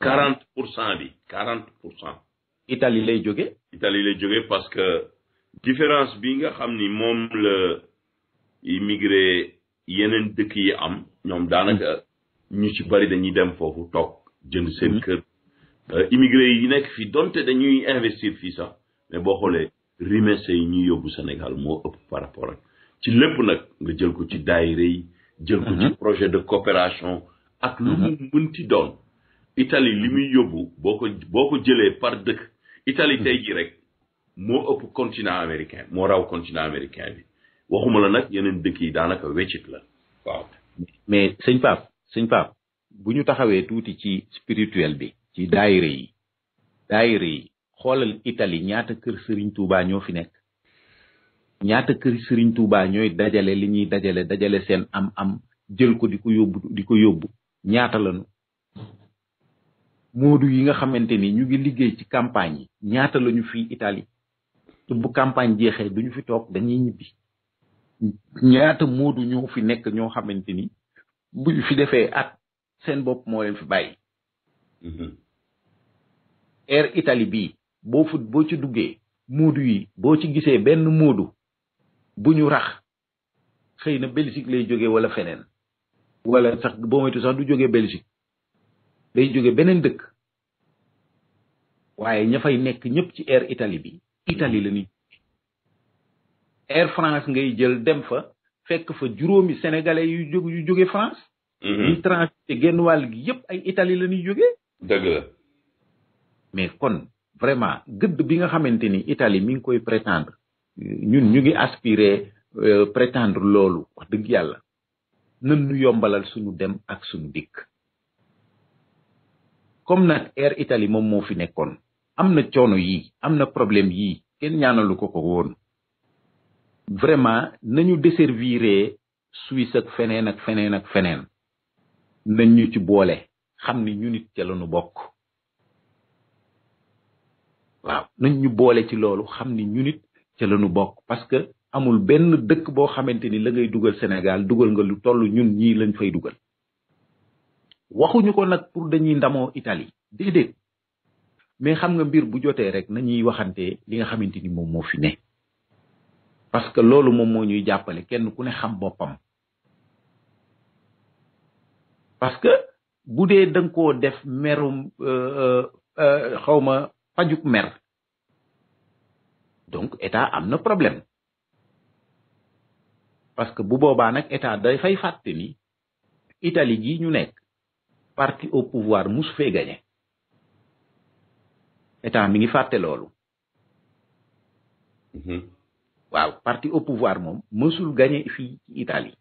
S1: quarante
S2: pour cent bi quarante pour Italie lay joge Italie lay jóge parce que différence bi nga xam ni moom la immigré yeneen dëkk yi am ñoom daanaka ñu ci bari dañuy dem foofu toog jënd seen mm-hmm. kër euh, immigré yi nekk fi donte dañuy investir fii sax mais boo xoolee rimesse yi ñu yóbbu Sénégal moo ëpp par rapport ak ci lépp nag nga jël ko ci daayira yi jël ko ci mm-hmm. projet de coopération ak lu mu mënti mm-hmm. doon itali li muy yóbbu boo ko boo jëlee par dëkk itali hmm. tey jii rek moo ëpp continent américain moo raw continent américain bi waxuma la nag yeneen dëkk yi daanaka weccit la waaw
S3: mais sëñ Pape sëñ Pape bu ñu taxawee tuuti ci spirituel bi ci daayira yi daayira yi xoolal Italie ñaata kër Serigne Touba ñoo fi nekk ñaata kër Serigne Touba ñooy dajale li ñuy dajale dajale seen am am jël ko di ko yóbbu di ko yóbbu ñaata la moodu yi nga xamante ni ñu ngi liggéey ci campagne yi ñaata lañu fi itali te bu campagne jeexee ñu fi toog dañuy ñibbi ñaata muudu ñoo fi nekk ñoo xamante ni buñu fi defee at seen bopp moo leen fi bàyyi mm-hmm. air Italie bii boo fut boo ci duggee muudu yi boo ci gisee benn moodu bu ñu rax xëy na Belgique lay jóge wala feneen wala sax boo moytu sax du jógee Belgique day jóge beneen dëkk waaye ña fay nekk ñëpp ci air Italie bi Italie la ni France ngay jël dem fa fekk fa juróomi sénégalais yu jóg yu jóge France. ñuy mm-hmm. transiter genn wàll gi yëpp ay Italie lañuy jóge mais kon vraiment gëdd bi nga xamante ni Italie mi ngi koy prétendre ñun ñu ngi aspirer euh, prétendre loolu wax dëgg yàlla nan ñu yombalal suñu dem ak suñu dikk. comme nag air Italie moom moo fi nekkoon am na coono yii am na problème yii kenn ñaanalu ko ko woon vraiment nañu desservire Suisse ak feneen ak feneen ak feneen nañ ñu ci boole xam ni ñu nit ca la bokk waaw nañ ñu boole ci loolu xam ni ñu nit ca la bokk parce que amul benn dëkk boo xamante ni la ngay dugal Sénégal dugal nga lu toll ñun ñii lañ fay dugal waxuñu ko nak pour dañuy ndamo italie dedet mais xam nga mbir bu joté rek nañuy waxanté li nga xamanteni mom mo fi né parce que lolu mom mo ñuy jappalé kenn ku ne xam bopam parce que boudé dee ko def merum def euh, merum euh, xawma fajuk mer donc état amna na problème parce que bu boba nak état day fay fàtte ni italie gi ñu nekk parti au pouvoir musu fee gañe état mi ngi fàtte loolu mhm. waaw parti au pouvoir moom mësul gañe fii ci Italie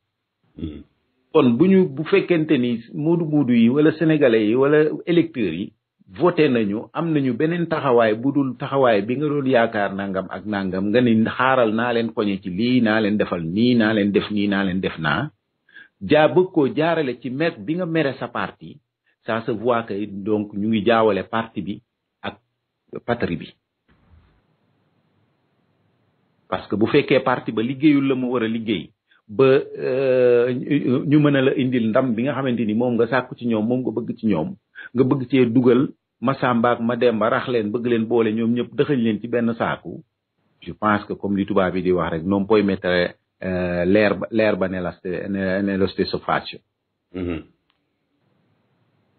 S3: mhm. kon bu ñu bu fekkente ni moodu moodu yi wala sénégalais yi wala électeurs yi voté nañu am nañu beneen taxawaay bu dul taxawaay bi nga doon yaakaar nangam ak nangam nga ni xaaral naa leen koñe ci lii naa leen defal nii naa leen def nii naa leen def naa jaa bëgg jaarale ci mer bi nga mere sa parti ça se voit que donc ñu ngi parti bi ak patrie parce que bu vous parti ba liggéeyul la mu wara euh, la indil ndam bi nga nga ci je pense que comme li bi di wax rek non puoi pas mettre euh, l'herbe dans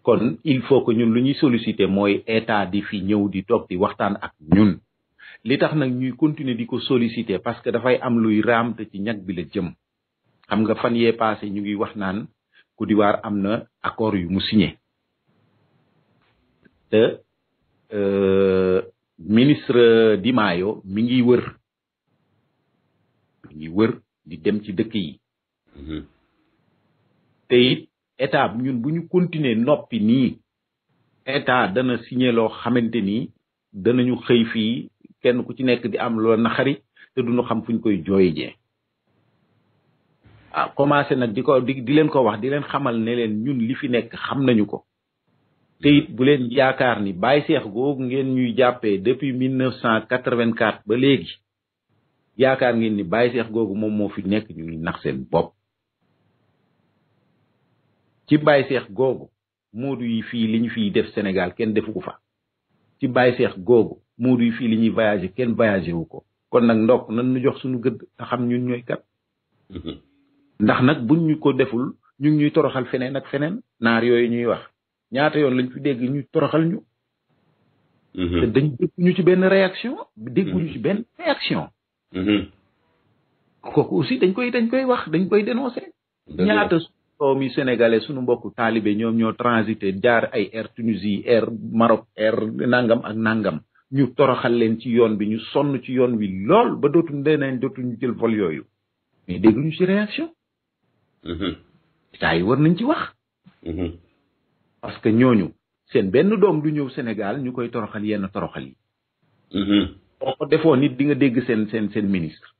S3: kon il faut que ñun lu ñuy solliciter mooy état di fi ñëw di toog di waxtaan ak ñun li tax nag ñuy continuer di ko solliciter parce que dafay am luy raam ci ñag bi la jëm xam nga fan yee passé ñu ngi wax naan Côte d'Ivoire am na accord yu mu signé te euh, ministre Di Maio mi ngi wër mi ngi wër di dem ci dëkk yi mhm. te état bi ñun bu ñu continuer noppi nii état dana signé loo xamante ni danañu xëy fii kenn ku ci nekk di am loo naxari te duñu xam fu ñu koy jooyee ah commencé nag di ko di di leen ko wax di leen xamal ne leen ñun li fi nekk xam nañu ko te it bu leen yaakaar ni bàyyi seex googu ngeen ñuy jàppee depuis mille neuf cent quatre-vingt-quatre ba léegi yaakaar ngeen ni bàyyi seex googu moom moo fi nekk ñu nax seen bopp ci bàyyi seex googu moodu yi fii li fi fiy def Sénégal kenn defu ko fa ci bàyyi seex googu moodu yi fii li ñuy voyagé kenn voyagé wu ko kon nag ndokk nan ñu jox suñu gëdd te xam ñun ñooy kat mhm. ndax nag buñ ñu ko deful ñu ñuy toroxal feneen ak feneen naar yooyu ñuy wax ñaata yoon lañ fi dégg ñu toroxal ñu mhm. dañ dégguñu ci benn réaction dégguñu mhm. ci benn réaction kooku aussi dañ koy dañ koy wax dañ koy dénoncé ñaata doomi sénégalais suñu mbokku taalibe ñoom ñoo transité jaar ay air Tunisie air Maroc air nangam ak nangam ñu toroxal leen ci yoon bi ñu sonn ci yoon wi lool ba dootuñ leneen dootuñu jël vol yooyu mais dégguñu ci réaction mm-hmm. état yi war nañ ci wax mm-hmm. parce que ñooñu seen benn doom lu ñëw Sénégal ñu koy toroxal yenn toroxal yi mm-hmm. boo ko defoo nit di nga dégg seen seen seen ministre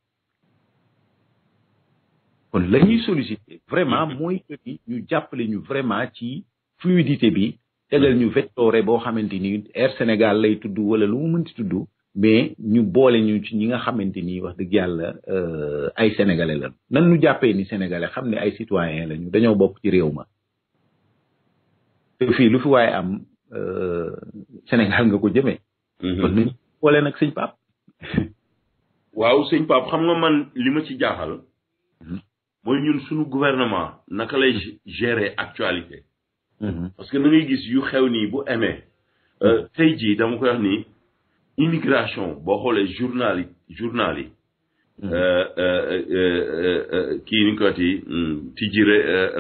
S3: kon la ñuy sollicité mm-hmm. vraiment mooy que ñu jàppale ñu vraiment ci fluidité bi tegal ñu vectoré boo xamante ni Air Sénégal lay tudd wala lu mu mënti tudd mais ñu boole ñu ci ñi nga xamante ni wax dëgg yàlla euh, ay sénégalais lañu nan ñu jàppee ni sénégalais xam ne ay citoyen lañu dañoo bokk ci réew ma te fii lu fi waaye am euh, Sénégal nga ko jëmee mm-hmm. kon ñu boole nag sëñ Pape waaw sëñ Pape xam nga man li ci
S2: jaaxal mm-hmm. mooy ñun suñu gouvernement naka lay gérer actualité mm-hmm. parce que na gis yu xew nii bu amee euh, tey jii dama koy wax ni immigration boo xoolee journal yi journal mm-hmm. euh, euh, kii ni ko ti hmm, tijji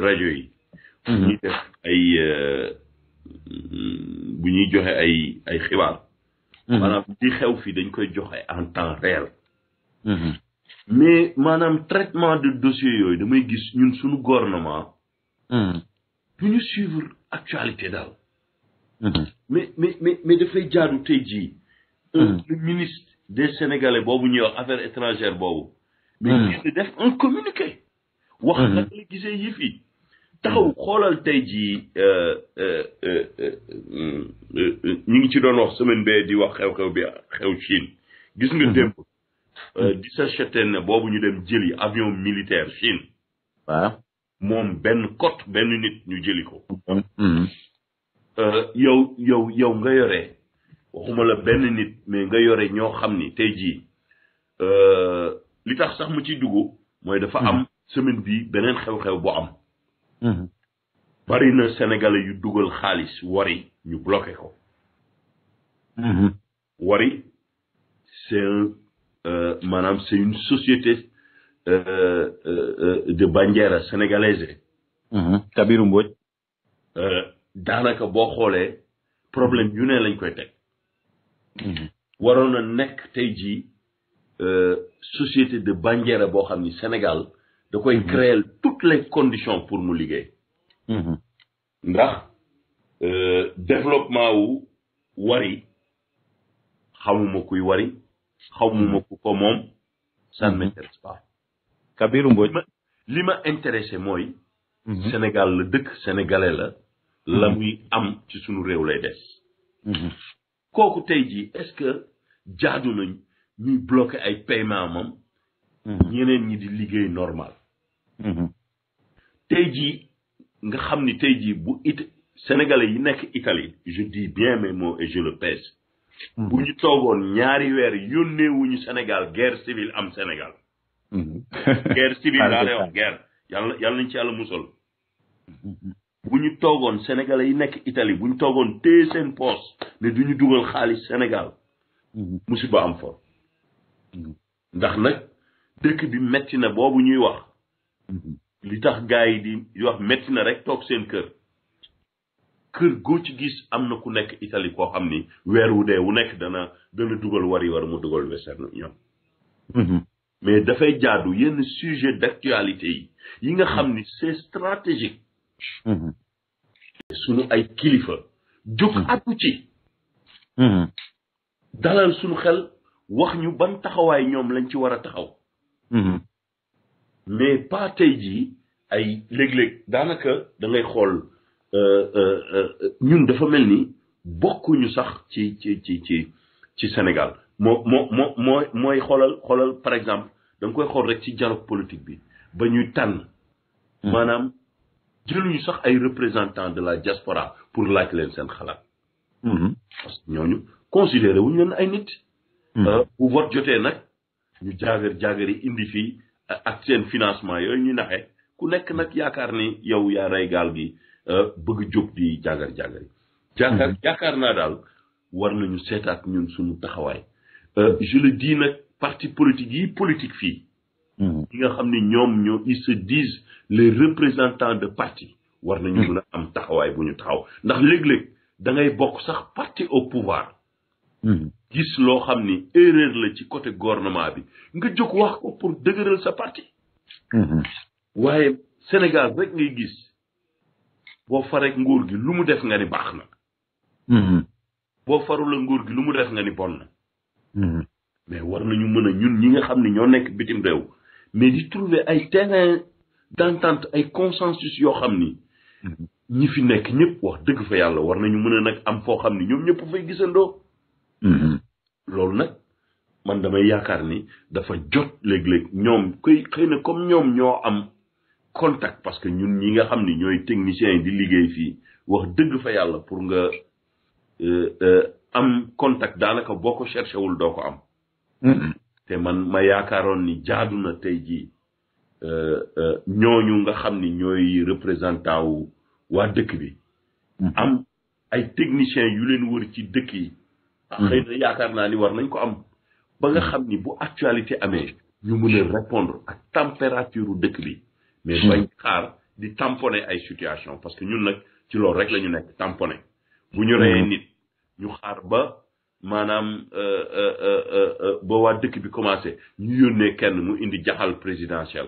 S2: rajo yi mm-hmm. ñuy def ay hmm, bu ñuy joxe ay ay xibaar maanaam di xew fii dañ koy joxe en temps réel mais manam traitement de dossier yoy damay gis ñun suñu gouvernement. hmm ñu suivre actualité hmm mais mais mais mais fay jaadu tey jii. Hmm. le ministre des sénégalais bobu ñuy wax affaires étrangères hmm. mais di
S1: def un communiqué. wax hmm. naka la gisee yëf
S2: yi. taxaw euh euh euh, euh euh euh ñu ngi ci doon wax semaine bee di wax xew-xew bi xew Chine. gis nga démb. Euh, dix-sept Cheptegei boobu ñu dem jëli avion militaire Chine. waaw moom benn cote benn nit ñu jëli ko. Mm-hmm. Euh, yow yow yow nga yore waxuma la benn nit mais nga yore ñoo xam ni tey jii euh, li tax sax mu ciy dugg. mooy dafa am mm-hmm. semaine bi beneen xew-xew bu am. Mm-hmm. bari na yu dugal xaalis wari ñu bloqué ko. wari c'est Euh, Madame, c'est une société euh, euh, de bandiera sénégalaise.
S3: Mm-hmm. Kabiru
S2: Dans problème mm-hmm. yu ne lañ koy mm-hmm. société de bandiera boo Sénégal de toutes les conditions pour nous liguer. ndax développement ou wari wari. xaw xawmuma hmm. ku ko moom ça ne hmm. m'intéresse pas Kabiru Mbodj li ma intéressé mooy hmm. Sénégal la dëkk sénégalais la la muy am ci sunu réew lay des kooku tey jii est-ce que jaadu nañ ñuy bloqué ay paiement moom ñeneen ñi di liggéey normal tey ji nga xam ni tey jii bu it sénégalais yi nekk Italie je dis bien mes mots et je Mhm. bu ñu toogoon ñaari weer yónnee wuñu Sénégal guerre civile am Sénégal. Mhm. guerre civile laa lay wax guerre yàlla yàlla nañ ci yàlla musal. Mhm. bu ñu toogoon Sénégalais yi nekk Italie bu ñu toogoon téye seen poos ne du ñu dugal xaalis Sénégal. musiba am fa. ndax nag dëkk bi metti na boobu ñuy wax. li tax gars yi di wax metti na rek toog seen kër. kër goo ci gis am na ku nekk Italie koo xam ni weer wu dee wu nekk dana dana dugal wari war mu dugal Western Union mm-hmm. mais dafay jaadu yenn sujet d'actualité yi yi nga xam ni c'est stratégique mm-hmm. suñu ay kilifa jóg mm-hmm. addu ci dalal suñu xel wax ñu ban taxawaay ñoom lañ ci war a taxaw mais pas tey ay léeg-léeg daanaka da xool Euh, euh, euh, ñun dafa mel ni bokkuñu sax ci ci ci ci ci Sénégal moo moo mooy mooy xoolal xoolal par exemple da koy xool rek ci dialogue politique bi ba ñuy tànn. Hmm. maanaam jëluñu sax ay représentants de la diaspora pour laaj leen seen xalaat. Hmm. parce que ñooñu considéré wuñu ay nit. Hmm. bu vote jotee nag ñu jaagar jaagar indi fii ak seen financement yooyu ñu naxe ku nekk nag yaakaar ni yow yaa rey gaal gi. Ah, bëgg jóg di jàngar jàngari jàngar mm-hmm. yaakaar naa daal war nañu seetaat ñun suñu taxawaay ah, je le dis nag parti politique yi politique fii mm-hmm. ñi nga xam ne ñoom ñoo ils se disent les représentant de parti war nañu mm-hmm. mën a am taxawaay bu ñu taxaw ndax léeg-léeg da ngay bokk sax parti au pouvoir gis loo xam ni erreur la ci côté gouvernement bi nga jóg wax ko pour dëgëral sa parti waaye Sénégal rek ngay gis boo farek nguur gi lu mu def nga ni baax na mm-hmm. boo farul nguur gi lu mu def nga ni bon na mm-hmm. mais war nañu mën a ñun ñi nga xam ni ñoo nekk bitim réew mais di trouver ay terrain d'entente ay consensus yoo xam ni mm-hmm. ñi fi nekk ñëpp wax dëgg fa yàlla war nañu mën a nag am foo xam ni ñoom ñëpp fay gisandoo loolu nag man damay yaakaar ni dafa jot léeg-léeg ñoom koy xëy na comme ñoom ñoo am contact parce que ñun ñi nga xam ni ñooy technicien yi di liggéey fii wax dëgg fa yàlla pour nga euh, euh, am contact daanaka boo ko cherché wul doo ko am. Mm-hmm. te man ma yaakaaroon ni jaadu na tey jii euh, ñooñu nga xam ni ñooy représentant wu waa dëkk bi. Mm-hmm. am ay techniciens yu leen wër ci dëkk yi. Mm-hmm. xëy na yaakaar naa ni war nañ ko am. ba nga xam ni bu actualité amee. ñu mën a répondre ak température dëkk bi. mais bañ hmm. xaar di tamponner ay situation parce que ñun nag ci loolu rek la ñu nekk tamponner. bu ñu reyee hmm. nit ñu xaar ba maanaam euh, euh, euh, ba waa dëkk bi commencé ñu yónnee kenn mu indi jaxal présidentiel.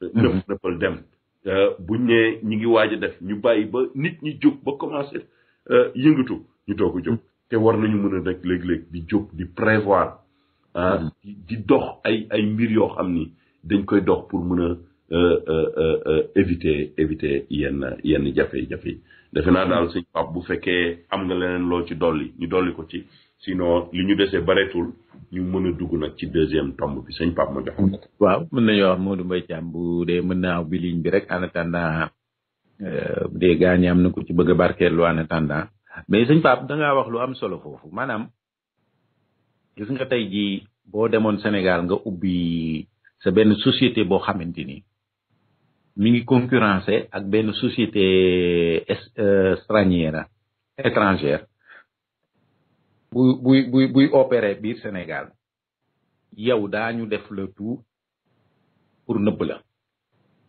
S2: Hmm. nëpp nëppal dem. buñ ñëwee ñi ngi waaj def ñu bàyyi ba nit ñi jóg ba commencé yëngatu ñu doog a jóg. te war nañu mën a rek léeg-léeg di jóg di prévoir. Ah, di dox ay ay mbir yoo xam ni dañ koy dox pour mën a. Euh, euh, euh, éviter éviter yenn yenn jafe-jafe yi defe naa daal sëñ Pape bu fekkee am nga leneen loo ci dolli ñu dolli ko ci sinon li ñu
S3: desee bareetul ñu mën a dugg nag ci deuxième tomb bi sëñ Pape ma jox waaw mën nañoo wax Modou Mbaye Thiam bu dee mën naa ubbi bi rek en attendant bu dee gaa ñi am na ko ci bëgg a barkeelu mais sëñ Pape da wax lu am solo foofu maanaam gis nga tey jii boo demoon Sénégal nga ubbi sa benn société boo xamante ni mi ngi concurrencé ak benn société euh, stranière étrangère buy buy buy buy opéré biir Sénégal yow daañu def le tout pour nëbb la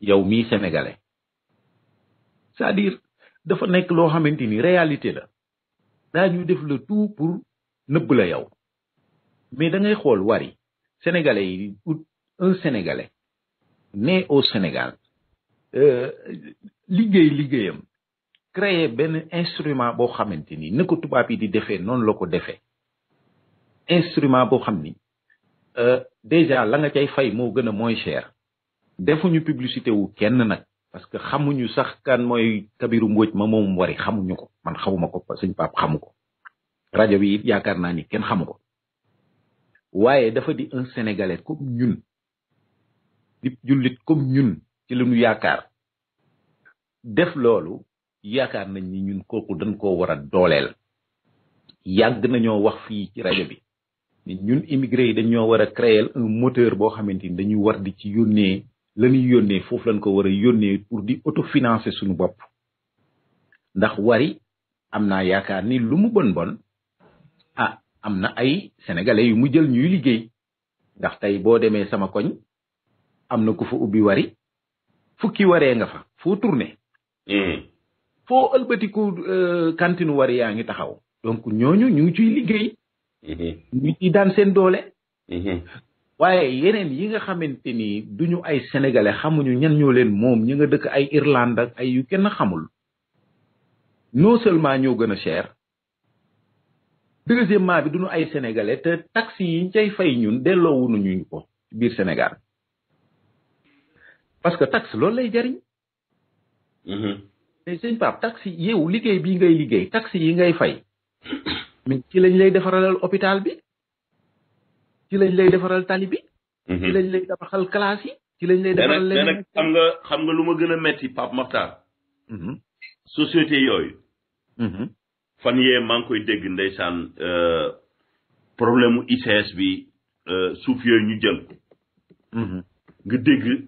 S3: yow mii sénégalais c'est-à-dire dafa nekk loo xamante ni réalité la daañu def le tout pour nëbb la yow mais da xool wari sénégalais yi un sénégalais né au Sénégal Euh, liggéey liggéeyam créer benn instrument boo xamante ni na ko tubaab yi di defee noonu la ko defee instrument boo xam ni euh, déjà la nga cay fay moo gën a mooy cher defuñu publicité wu kenn nag parce que xamuñu sax kan mooy kabiru mbóoj ma moom wari xamuñu ko man xamuma ko suñ pap xamu ko rajo bi it yaakaar naa ni kenn xamu ko waaye dafa di un sénégalais comme ñun di jullit comme ñun ci li yaakaar def loolu yaakaar nañ ni ñun kooku dañ koo war a dooleel yàgg nañoo wax fii ci rajo bi ni ñun immigré yi dañoo war a créer moteur boo xamante ni dañuy war di ci yónnee lañuy yónnee foofu lañ ko war a yónnee pour di autofinancer suñu bopp ndax wari am naa yaakaar ni lu mu bon bon ah am na ay sénégalais yu mu jël ñuy liggéey ndax tey boo demee sama koñ am na ko fa ubbi wari fukki waree nga fa foo tourné
S4: hmm. foo
S3: ëlbatiku kantinu euh, war yaa ngi taxaw donc ñooñu ñu ngi ciy liggéey hmm. ñu daan seen doole hmm. waaye yeneen yi nga xamante ni duñu ay sénégalais xamuñu ñan ñoo leen moom ñi nga dëkk ay Irlande ak ay yu kenn xamul non seulement ñoo gën a cher deuxièmement bi duñu ay sénégalais te taxes yi ñu cay fay ñun delloowu ñu ko ci biir Sénégal parce que taxe loolu lay jariñ mm-hmm. mais sëñ Pape taxe yow liggéey bii ngay liggéey taxe yi ngay fay mais ci lañ lay defaralal hôpital bi ci lañ lay defaral tali bi mm-hmm. ci lañ lay defaral classe yi ci lañ lay
S2: defaral leneen xam nga xam nga lu ma gën a metti Pape Makhtar mm-hmm. société yooyu fan yee maa ngi koy dégg ndeysaan euh, problème mu ICS bi euh, suuf yooyu ñu jël nga dégg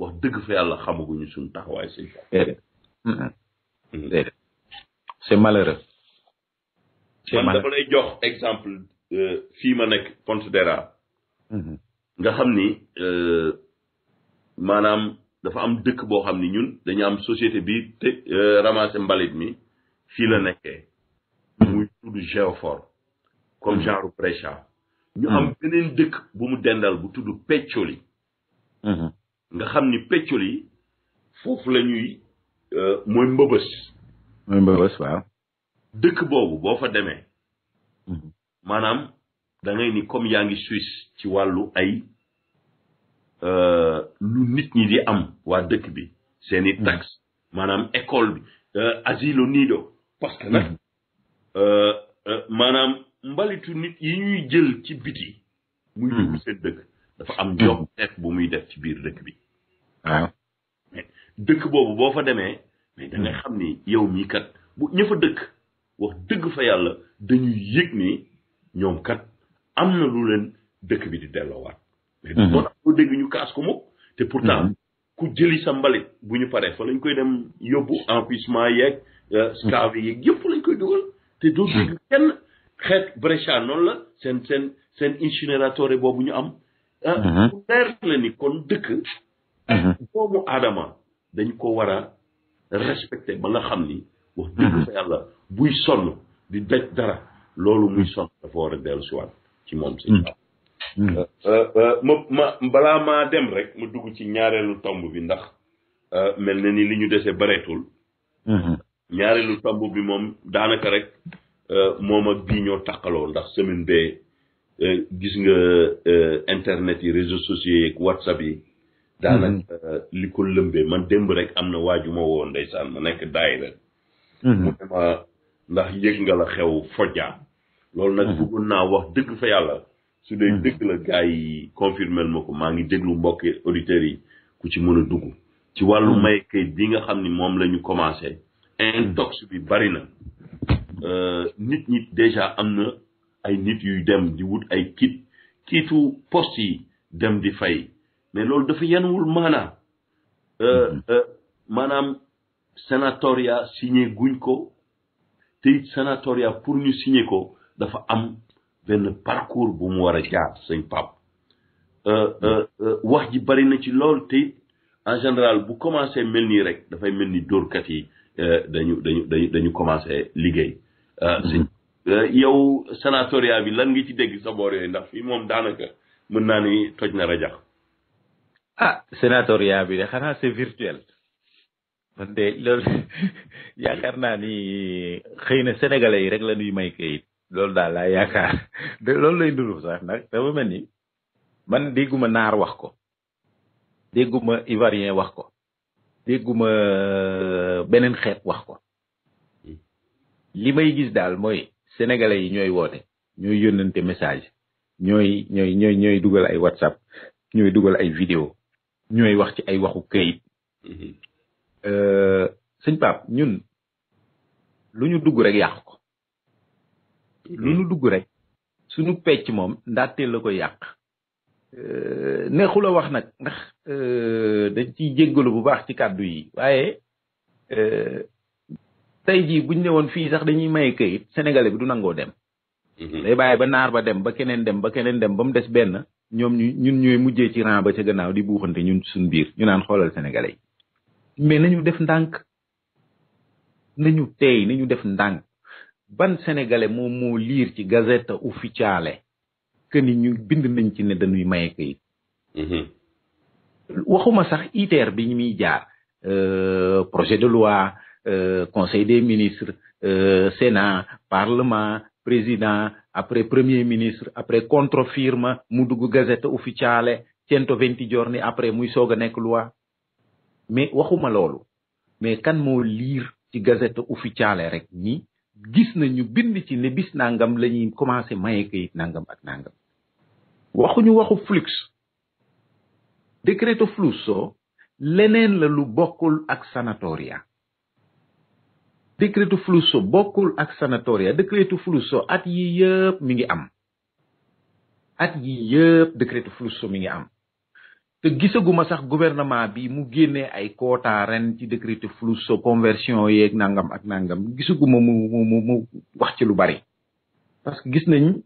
S2: wax dëgg fa yàlla xamaguñu suñ taxawaay sëñ déedéet c'est malheureux man dafa lay jox exemple euh, fii ma nekk Pontedera mm-hmm. nga xam ni euh, maanaam dafa am dëkk boo xam ni ñun dañu am société bi te euh, ramasser mbalit mi fii la mm-hmm. nekkee muy tudd Geofor comme genre mm-hmm. Brescia ñu am beneen dëkk bu mu dendal bu tudd Peccioli nga xam ni peccul yi foofu la ñuy euh, mooy mbëbës
S3: mooy mbëbës waaw
S2: dëkk boobu boo fa demee mhm. maanaam da ngay ni comme yaa ngi Suisse ci wàllu ay euh, lu nit ñi di am waa dëkk bi seeni mhm. taxe maanaam école bi euh, asilo nido parce que nag mhm. maanaam mbalitu nit yi ñuy jël ci biti muy dugg seen dëkk dafa am job nekk bu muy def ci biir dëkk bi waaw dëkk boobu boo fa demee mais da xam ni yow mii kat bu ñë dëkk wax dëgg fa yàlla dañuy yëg ni ñoom kat am na lu leen dëkk bi di delloowaat mais mhm. boo ñu kaas ko moom te pourtant mhm. ku jëli sa bu ñu paree fa lañ koy dem yóbbu empuissement yeeg euh, mhm. scave yeeg yëpp lañ koy dugal te doo dégg kenn xeet breccia noonu la seen seen seen incinérateur boobu ñu am bu ah, mhm. la ni kon dëkk ah, mhm. doomu aadama dañ ko war a respecté ba nga xam ni wax dëgg mhm. fa yàlla buy sonn di daj dara loolu muy sonn dafa war a dellu ci moom si euh, euh, euh, ma ma balaa maa dem rek mu dugg ci ñaareelu tomb bi ndax mel na ni li ñu desee bareetul ñaareelu tomb bi moom daanaka rek moom ak bii ñoo takkaloo ndax semaine bee Euh, gis nga euh, internet yi réseaux sociaux yeeg whatsapp yi. daanaka mm-hmm. euh, li ko lëmbee man démb rek am na waaju ma woo ndeysaan ma nekk daayira mm-hmm. mu ne ma ndax yëg nga la xew fojja. loolu nag mm-hmm. bëggoon naa wax dëgg fa yàlla. su dee dëgg la gars yi confirmel ma ko maa ngi déglu mbokki auditeurs yi ku ci mën a dugg. ci wàllu may kayit bi nga xam ni moom lañu ñu commencé. intox bi bari na. nit déjà am na. ay nit yuy dem di wut ay kiit kiitu poste yi dem di fay mais loolu dafa yenwul euh, mm-hmm. euh, maanaam maanaam sénatoria signé guñ ko te it sénatoria pour ñu signé ko dafa am benn parcours bu mu war a jaar sëñ Pape euh, mm-hmm. wax ji bari na ci lool te it en général bu commencé mel nii rek dafay mel ni dóorkat yi dañu dañu dañu dañu commencé liggéey mm-hmm. Eh, yow sénatoria bi lan ngi ci dégg sa boor yooyu ndax fii moom daanaka mën naa ni toj na rajax ah sénatoria bi de xanaa c'est
S3: virtuel man de naa ni xëy na sénégalais yi rek la ñuy may kayit loolu daal laa yaakaar de loolu lay dund sax nag dafa mel ni man dégguma naar wax ko déguma ivoirien wax ko dégguma euh, beneen xeet wax ko hmm. li may gis daal mooy sénégalais yi ñooy woote ñooy yónnante message ñooy ñooy ñooy ñooy dugal ay whatsapp ñooy dugal ay vidéo ñooy wax ci ay waxu këyit mm-hmm. euh, sëñ Pape ñun lu ñu dugg rek yàq ko mm-hmm. lu ñu dugg rek suñu pecc moom ndaateel la ko yàq
S1: euh,
S3: neexula wax nag ndax euh, dañ ciy jéggalu bu baax ci kàddu yi waaye tey jii buñ ne woon fii sax dañuy maye këyit sénégalais bi du nangoo dem. Mhm. day ba naar ba dem ba keneen dem ba keneen dem ba mu des benn ñoom ñu ñun ñooy mujjee ci rang ba ca gannaaw di buuxante ñun suñ biir ñu naan xoolal sénégalais mais nañu def ndànk nañu teey nañu def ndànk ban sénégalais moom moo liir ci gazette ufficiale que ni ñu bind nañ ci ne dañuy mayee këyit. Mhm. waxuma sax ITER bi ñu muy jaar euh, projet de loi. Euh, conseil des ministres euh, sénat parlement président après premier ministre après contre contrefirma mu dugg gazette ufficiale cento venti ni après muy soog a nekk loi mais waxuma loolu mais kan moo liir ci gazette ufficiale rek ni gis na ñu bind ci ne nangam la ñuy commencé maye kayit nangam ak nangam waxuñu waxu flux decreto flusso leneen la lu bokkul ak sanatoria décrétu Flusso bokkul ak sanatoria décrétu Flusso at yi yëpp mi ngi am at yi yëpp décrétu Flusso mi ngi am te gisaguma sax gouvernement bi mu génnee ay quota ren ci décrétu Flusso conversion yeeg nangam ak nangam gisaguma mu mu mu wax ci lu bari parce que gis nañ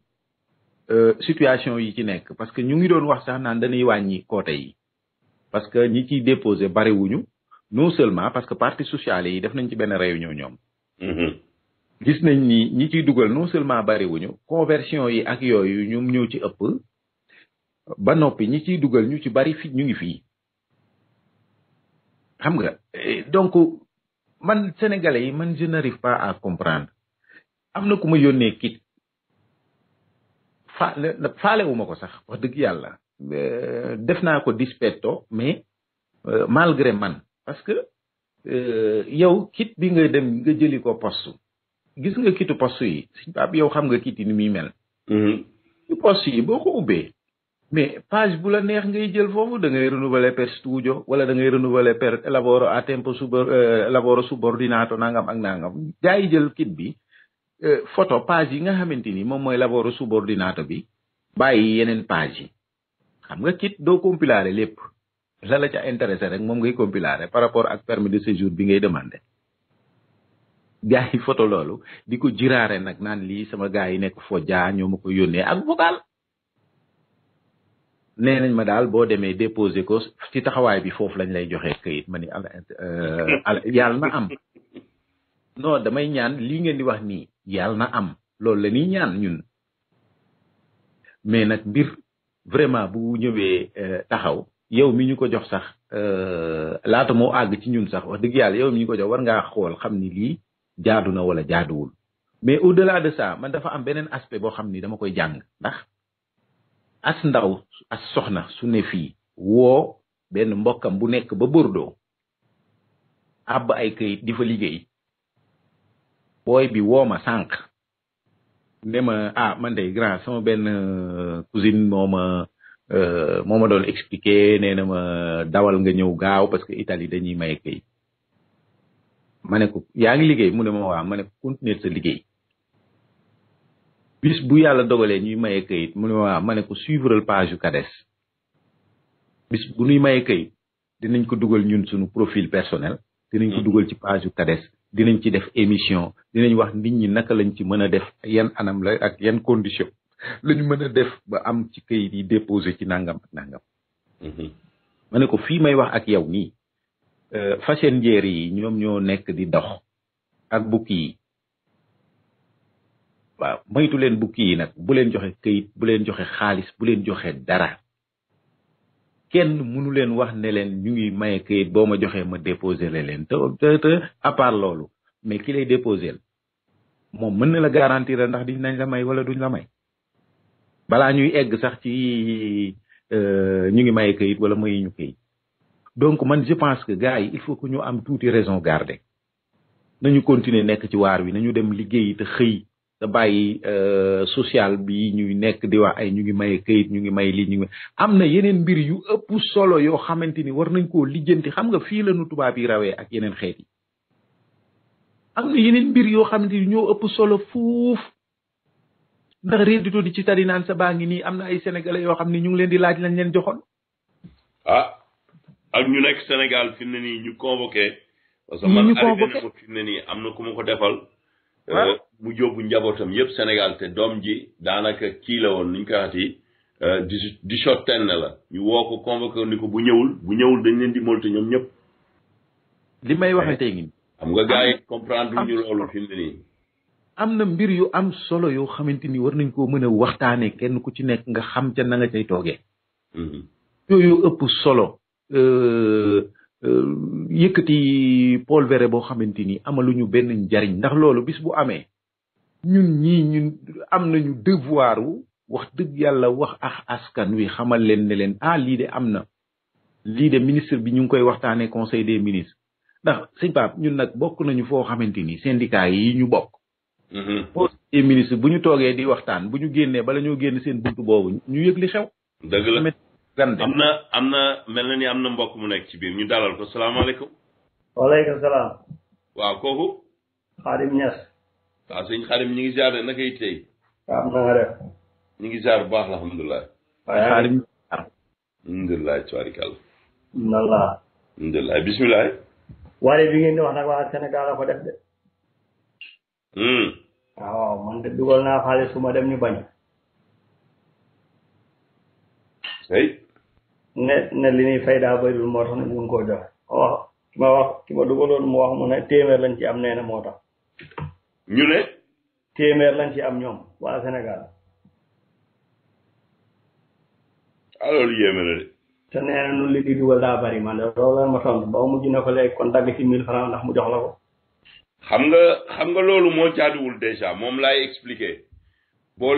S3: euh, situation yi ci nekk parce que ñu ngi doon wax sax naan dañuy wàññi quota yi parce que ñi ciy déposé bariwuñu non seulement parce que parti sociale yi def nañ ci benn réunion ñoom. Mm-hmm. gis nañ ni ñi ciy dugal non seulement bariwuñu conversion yi ak yooyu ñoom ñoo ci ëpp ba noppi ñi ciy dugal ñu ci bari fi ñu ngi fii xam nga eh, donc man sénégalais yi man je pas à comprendre am na ku ma yónnee kit fa faalewuma ko sax wax dëgg yàlla euh, def naa ko dispetto mais euh, malgré man parce que euh, yow kit bi nga dem nga jëli ko poste gis nga kitu poste yi si yow xam nga kit mi ni mel mm-hmm. ci yi boo ko ubbe mais page bu la neex ngay jël foofu da ngay renouveler per studio wala da ngay renouveler per lavoro a tempo sub euh, lavoro subordinato nangam ak nangam gaa yi jël kit bi euh, photo page yi nga xamante ni moom mooy lavoro subordinato bi bàyyi yeneen page yi xam nga kit doo compilaale lépp la la ca intéressé rek mom ngay compiler par rapport ak permis de séjour bi ngay demandé gaay photo loolu diko jiraré nak nan li sama gaay nek fo ja ñoo ma ko yónnee ak vocal nee nañ ma dal bo démé déposer ko ci taxaway bi fofu lañ lay joxee këyit ma euh ala yàlla na am no damay ñaan li ngeen di wax ni yalla na am loolu la ni ñaan ñun mais nak bir vraiment bu ñëwé euh, taxaw yow mi ñu ko jox sax euh, laata mo ag ci ñun sax wax deug yalla yow mi ñu ko jox war ngaa xol xamni li jaaduna wala jaaduwul mais au delà de ça man dafa am benen aspect bo xamni dama koy jang ndax as ndaw as soxna su ne fi wo benn mbokam bu nek ba bordo ay kay di fa bi woo ma sank ah man day grand sama ben euh, cousine moma euh moma doon expliquer neena ma dawal nga ñew gaaw parce que Italie dañuy may kay mané ko yaangi liggéey mu ne ma wa mané ko continuer sa liggéey bis bu yalla dogalé ñuy may kay mu ne wa mané ko suivre page kades bis bu ñuy may kay dinañ ko duggal ñun suñu profil personnel dinañ ko mm-hmm. duggal ci page yu kades dinañ ci def émission dinañ wax nit ñi naka lañ ci mëna def yeen anam la ak yeen condition lañu mën a def ba am ci kayit yi déposé ci nangam ak nangam. Mhm. ma ne ko fii may wax ak yow nii euh, fasen njeer yi ñoom ñoo nekk di dox ak bukki yi waaw moytu leen bukki yi nag bu leen joxe kayit bu leen joxe xaalis bu leen joxe dara kenn mënu leen wax ne leen ñu ngi maye kayit boo ma joxee ma déposé la leen te te à part loolu mais ki lay déposé moom mën na la garantir ndax diñ nañ la may wala duñ la may. balaa ñuy egg sax ci euh, ñu ngi maye kayit wala maye ñu kayit donc man je pense que gars yi il faut que ñu am tuuti raison garder nañu continuer nekk ci waar wi nañu dem liggéeyi te xëy te bàyyi euh, social bi ñuy nekk di wax ay ñu ngi maye kayit ñu ngi may lii ñu ngi am na yeneen mbir yu ëpp solo yoo xamante ni war nañ ko lijjanti xam nga fii la nu tubaab yi rawee ak yeneen xeet yi am na yeneen mbir yoo xamante ñoo ëpp solo fuuf ndax réer di ci tari naan sa baa ngi nii am na ay sénégalais yoo xam ni ñu ngi leen di laaj lañ leen joxoon.
S2: ah ak ñu nekk Sénégal fi mu ne nii ñu convoqué. parce ne nii am na ku ma ko defal. Ah. Euh, mu jóbbu njabootam yëpp Sénégal te doom ji daanaka kii la woon ni ñu koy waxati di di sotten la ñu woo ko convoqué ni ko bu ñëwul bu ñëwul dañ leen di molte ñoom ñëpp. li may waxee eh, tey ngi. xam nga gars yi ah. comprendre ñu loolu fi nii.
S3: am na mbir yu am solo yoo xamante ni war nañ koo mën a waxtaanee kenn ku ci nekk nga xam ca na nga cay toogee. Mm-hmm. yooyu ëpp solo. Euh, euh, yëkkati polvere boo xamante ni amaluñu benn njariñ ndax loolu bis bu amee ñun ñii ñun am nañu devoir wu wax dëgg yàlla wax ak askan wi xamal leen ne leen ah lii de am na. lii de ministre bi ñu ngi koy waxtaanee conseil des ministres ndax sëñ Pape ñun nag bokk nañu foo xamante ni syndicat yi ñu bokk. conseiller mhm. ministre bu ñu toogee di waxtaan bu ñu génnee bala ñoo génn seen buntu boobu ñu yëg li xew. dëgg la am na
S2: am na mel na ni am na mbokk mu nekk ci biir ñu dalal ko salaamaaleykum.
S5: waaleykum salaam. waaw kooku. Xaadim Ñas.
S2: waaw sëñ Xaadim ñu ngi ziar de naka yi tey. waaw def. ñu ngi ziar bu baax alhamdulilah. waaye Xaadim. alhamdulilah tabaarikàlla.
S5: bisimilah. bi ngeen di wax nag waa ko def de. Hmm. waaw man de dugal naa xaalis su ma dem ñu bañ. ne ne li ñuy fay moo tax ñu ngi ko jox wax ki ma wax ki ma dugaloon mu wax mu am nee na moo tax. ñu ne. téeméer lañ ci am ñoom waa Sénégal. alors ah, yéeme na de. te nee na di dugal daa bëri man de loolu la ma tontu ba mujj na ko léegi kon dagg ci
S2: xam nga xam nga loolu déjà moom laay expliquer boo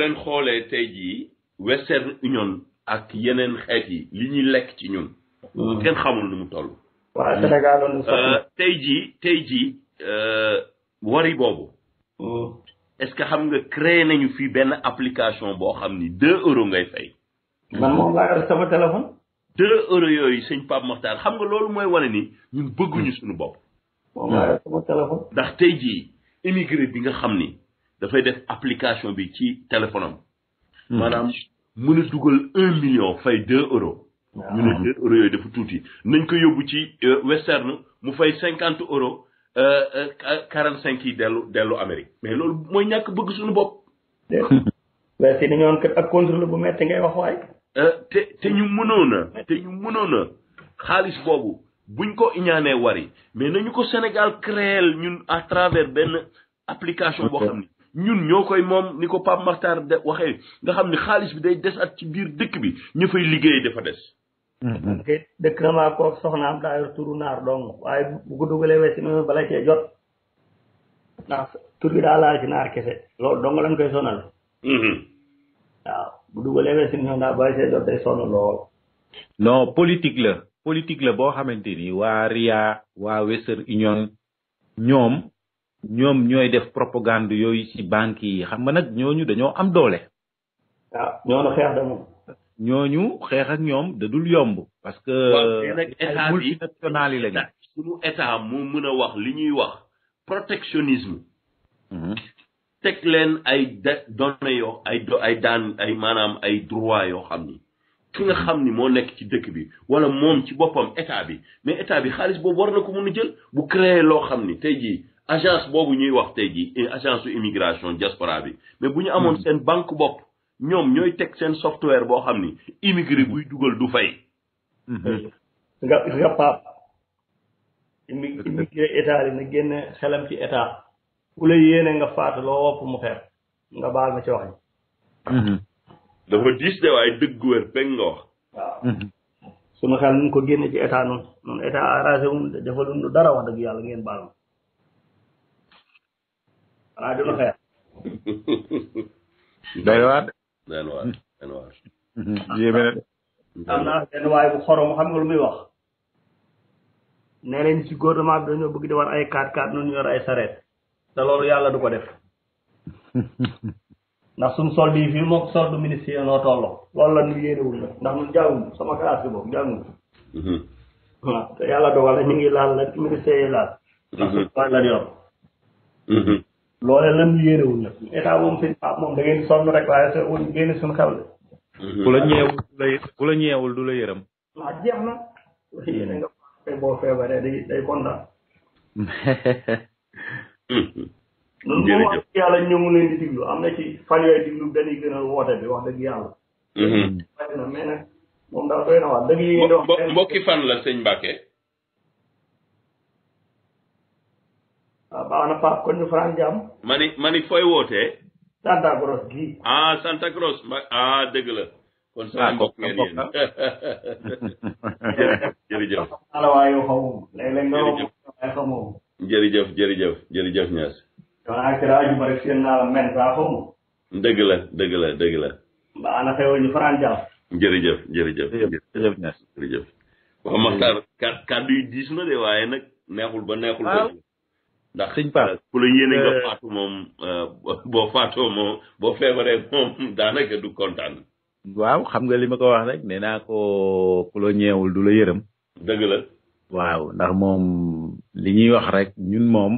S2: Western Union ak yeneen xeet yi li ñuy lekk ci ñun. Mm-hmm. xamul toll. Euh, euh, wari mm-hmm. est-ce que xam nga créé nañu application boo ni deux euros ngay fay.
S5: man téléphone.
S2: deux euros yooyu sëñ Pape xam nga ni boo maayee ndax tey jii immigré bi nga xam ni dafay def application bi ci téléphone am. Hmm. maanaam mën a dugal un million fay deux euros. ñu ne deux euros yooyu dafa tuuti nañ ko yóbbu ci euh, western mu fay cinquante euros euh, euh, quarante cinq yi dellu dellu Amérique. mais loolu
S5: mooy ñàkk bëgg suñu bopp. mais ak contrôle bu metti ngay wax waay.
S2: te te ñu mënoon a. te ñu mënoon a xaalis boobu. buñ ko iñaanee wari mais nañu ko Sénégal créel ñun à travers benn application boo xam ni ñun ñoo koy moom ni ko Pape Makhtar de waxee nga xam ni xaalis bi day desat ci biir dëkk bi ñu fay liggéey dafa des
S5: ko soxnaam daa yor turu naar dong waaye ko dugalee wesi kese loolu dong lañ koy sonal mm-hmm. waaw bu dugalee wesi mi daa bala cee jot day sonal lool
S3: non politique la politique la boo xamante ni waa RIA waa Western Union ñoom ñoom ñooy def propagande yooyu ci banque yi xam nga nag ñooñu dañoo am doole.
S5: waaw ah, ñooñu xeex da moom.
S3: ñooñu xeex ak ñoom dadul yomb. parce que multinationale yi lañu.
S2: suñu mën a wax li ñuy wax protectionnisme. Mhm. teg leen ay données yoo ay ay daan ay maanaam ay droit yoo xam ni. ki nga xam ni moo nekk ci dëkk bi wala moom ci boppam état bi mais état bi xaalis boobu war na ko mun a jël bu créer loo xam ni tey jii agence boobu ñuy wax tey jii agence su immigration diaspora bi mais bu ñu amoon hmm. seen banque bopp ñoom ñooy teg seen software boo xam ni immigré buy dugal du fay. Hmm. Euh,
S5: nga nga paap. immigré état yi na génn xelam ci état. ku la yéene nga faatu loo wopp mu xeer nga baal ma ci
S4: wax.
S2: dafa diis de waaye dëgg wér
S5: pegg sunu xel nu ko génne ci état noonu noonu état arrangé wu ñu defal dara wax dëgg yàlla ngeen baal ma. xanaa dina xeex.
S2: day waar. day waar day waar.
S5: yéeme na. naa benn bu xorom xam nga lu muy wax. nee nañ ci gouvernement bi dañoo bëgg di war ay 4-4 ñun ñu ay sareet. te loolu yàlla du ko def. ndax suñ solde yi fii moom solde ministre yi noo tolloo loolu la ñu yéenewul nag ndax ñun jànguñu sama classe bi boobu jànguñu waaw mhm. te yàlla dogal ñu ngi laal la ministère yi laal mhm. ndax la yor mhm. loolee lan ñu yéenewul nag moom seen paap moom da ngeen sonn rek waaye soo wuñ génn suñu xel de
S4: ku la ñeewul
S3: du la ku la ñeewul du la yërëm waaw jeex na yéene nga
S5: boo feebaree day
S4: jërëjëf jauh,
S5: yàlla jauh, ngi leen di diglu am na ci fan yooyu diglu dañuy gën a woote bi wax dëgg yàlla. moom daal doy na wax dëgg yi ngeen wax.
S2: mbokki fan la sëñ Mbacke.
S5: baax na Pape kon ñu faral jàmm.
S2: mani mani fooy wootee.
S5: Santa Cross gii.
S2: ah Santa Cross ma ah dëgg la. kon sama mbokk ngeen yéen jërëjëf. jërëjëf. jërëjëf jërëjëf jërëjëf Niass.
S5: wala la men
S2: dëgg la dëgg la dëgg la
S5: baa xew ñu faraan jàll
S2: jërëjëf jërëjëf jërëjëf jërëjëf waaw Maxtaar kàddu yi diis na de waaye nag neexul ba neexul ba ndax moom boo feebaree moom daanaka du kontaan
S3: waaw xam nga li ma ko wax rek nee naa ko ku la ñeewul du la yërëm dëgg la waaw ndax moom li ñuy wax rek ñun moom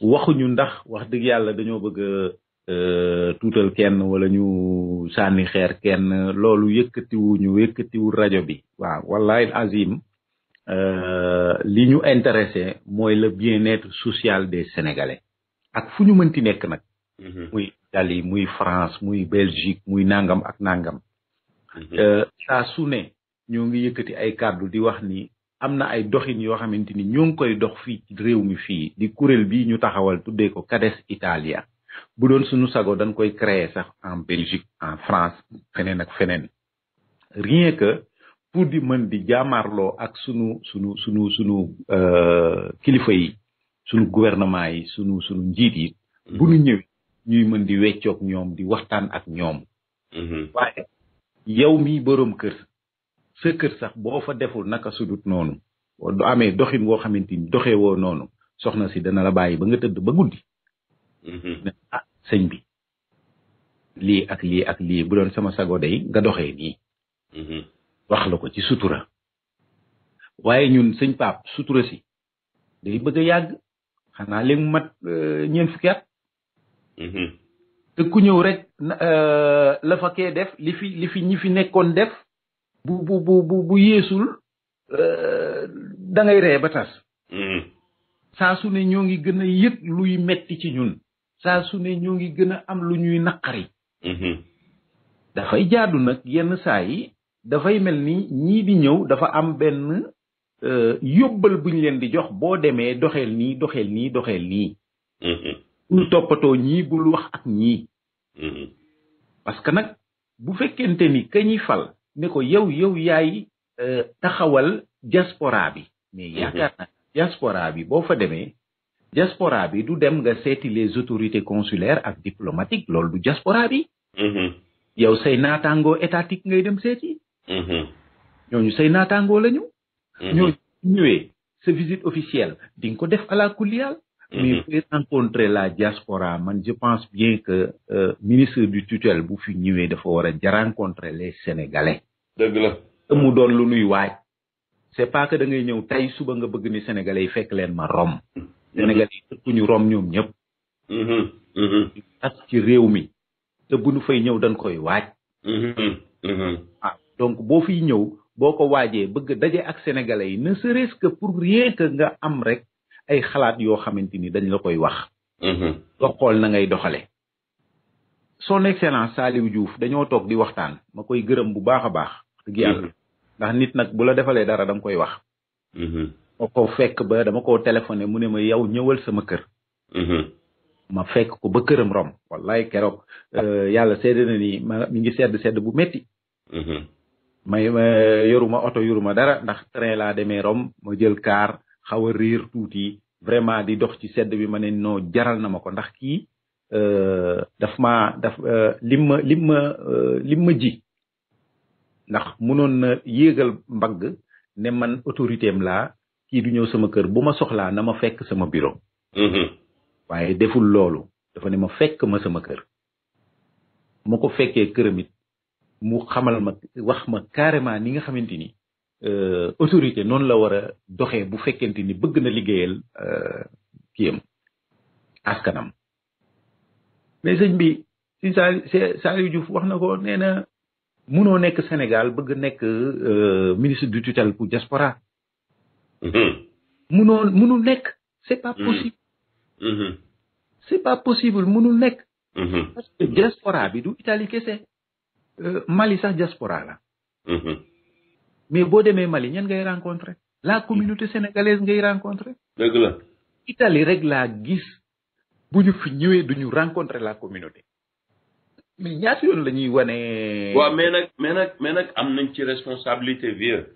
S3: waxuñu ndax wax dëgg yàlla dañoo bëgg a euh, tuutal kenn wala ñu sànni xeer kenn loolu yëkkatiwu ñu yëkkatiwul rajo bi waaw wallahi azim euh, li ñu intéressé mooy le bien-être social des sénégalais ak fu ñu mënti nekk nag mm-hmm. muy Italie muy France muy Belgique muy nangam ak nangam mm-hmm. euh, saa su ñoo ngi yëkkati ay kàddu di wax ni am na ay doxin yoo xamante ni ñu ngi koy dox fii ci réew mi fii di kuréel bi ñu taxawal tuddee ko CADES Italia bu doon suñu sago dañ koy créer sax en Belgique en France feneen ak feneen rien que pour di mën di jaamarloo ak suñu suñu suñu sunu euh, kilifa yi sunu gouvernement yi suñu sunu njiit yi bu ñu ñuy mën di weccoog ñoom di waxtaan ak ñoom mm-hmm. waaye mi boroom kër sa sax boo fa deful naka sudut noonu du amee doxin woo xamante ni doxee noonu soxna si dana la bàyyi ba nga tëdd ba guddi mm-hmm. ah, sëñ bi lii ak lii ak lii bu doon sama sago day nga doxee nii mm-hmm. wax la ko ci sutura waaye ñun sëñ Pape sutura si day bëgg a yàgg xanaa li mu mat euh, ñeent fukki at mm-hmm. te ku ñëw rek euh, la fa kee def li fi li fi ñi fi nekkoon def bu bu bu bu yeesul
S1: euh,
S3: da ngay ree ba tas mm. saa su ne ñoo ngi gën a yëg luy metti ci ñun saa su ne ñoo ngi gën a am lu ñuy naqari mm-hmm. dafay jaadu nag yenn saa yi dafay mel ni ñii di ñëw dafa am benn euh, yóbbal buñ leen di jox boo demee doxeel nii doxeel nii doxeel nii mm-hmm. bul toppatoo ñii bul wax ak ñii mm-hmm. parce que nag bu fekkente ni ka ñi fal Mekon yow yow yay euh, takhawal diaspora bi. Me mhm. yakana, diaspora bi bo fademe, diaspora bi doudem ge seti les otorite konsuler ak diplomatik lol do diaspora bi. Mhm. Yow sey natango etatik ngey dem seti. Yon yon sey natango le nyon. Nyon nye se vizit ofisyel, din kodef alakulial, mwen yon pouye anpontre la diaspora. Man je panse bien ke euh, minister du tutel bou fi nye de faware, jaren kontre le Senegalè. deug la amu doon lu nuy waaj c'est pas que da ngay ñëw tey suba nga bëgg ni sénégalais yi fekk leen ma rom mm-hmm. sénégalais yi ñu rom ñoom ñëpp tas mm-hmm. mm-hmm. ci réew mi te bu nu fay ñëw dañ koy waaj ah donc boo fiy ñëw boo ko waajee bëgg daje ak sénégalais yi ne serait-ce que pour rien que nga am rek ay xalaat yoo xamante ni dañ la koy wax nga xool na ngay doxale son excellence saliw diouf dañoo toog di waxtaan ma koy bu baax baax dëgg mhm. ndax nit nag bu la defalee dara da koy wax mhm. ma ko fekk ba dama koo téléphoné mu ne ma yow ñëwal sama kër mhm. ma fekk ko ba këram rom wallaay keroog euh, yàlla sedd na ni ma mi ngi sedd sedd bu métti may yoruma oto yoruma dara ndax train laa demee rom ma jël kaar xaw a riir tuuti vraiment di dox ci sedd bi ma ne noo jaral na ma ko ndax ki euh, daf ma daf euh, lim ma lim ma lim ma ji ndax mënoon na yéegal mbagg ne man autorité am laa kii du ñëw sama kër bu ma soxlaa na ma fekk sama bureau. Mm-hmm. waaye deful loolu dafa ne ma fekk ma sama kër. ma ko fekkee këram it mu xamal ma wax ma carrément ni nga xamante ni euh, autorité noonu la war a doxee bu fekkente ni bëgg na liggéeyal euh, kiyam askanam mais sëñ bi si Saliou Diouf wax na ko nee mënoo nekk Sénégal bëgg nekk euh, ministre du tutelle pour diaspora mënoo
S1: mm-hmm. mënul nekk c'est pas mm-hmm. possible mm-hmm. c'est pas possible mënul nekk
S4: parce que diaspora
S3: bi du Italie kese euh, Mali sax diaspora la mais boo demee Mali ñan ngay rencontrer la communauté sénégalaise ngay rencontrer dëgg la Italie rek laa gis bu ñu fi rencontrer la communauté mais ñaata yoon la ñuy wane. waaw
S2: mais nag mais nag mais nag am nañ ci responsabilité vieux.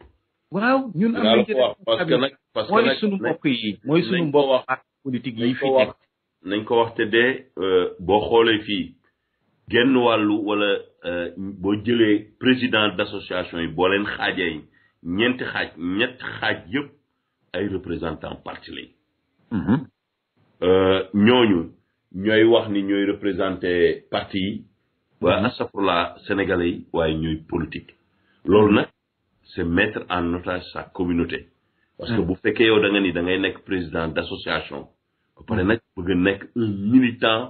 S1: waaw ñun am nañ ci responsabilité parce que nag mooy sunu mbokk
S3: yi mooy sunu mbokk ak politique yi fi nekk.
S2: nañ ko wax te dee euh, boo xoolee fii genn wàllu wala euh, boo jëlee président d'association yi boo leen xaajee ñeenti xaaj ñetti xaaj yëpp ay représentant parti lañ. Mhm. Euh, ñooñu ñooy wax ni ñooy représenté parti yi. waa astafurlaa sénégalais yi waaye ñuy politique. loolu nag c' mettre en otage sa communauté. parce que bu fekkee yow da nga ni da ngay nekk président d'association, association. ba pare nag bëgg nekk un militant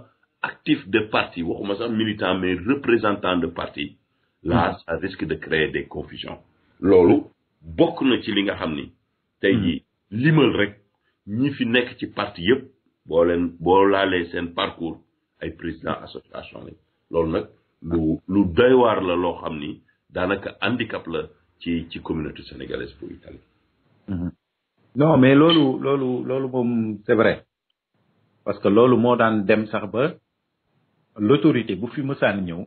S2: actif de parti waxuma sax militant mais représentant de parti. là ça risque de créer des confusions. loolu bokk na ci li nga xam ni. tey jii limal rek ñi fi nekk ci parti yëpp boo leen boo laalee seen parcours ay président association lañ loolu nag lu devons doy waar la lo xamni danaka handicap
S3: la ci ci communauté sénégalaise pour Italie. Mm-hmm. non mais lolu lolu lolu mom c'est vrai parce que lolu mo daan dem sax ba l'autorité bu fi mësaan ñew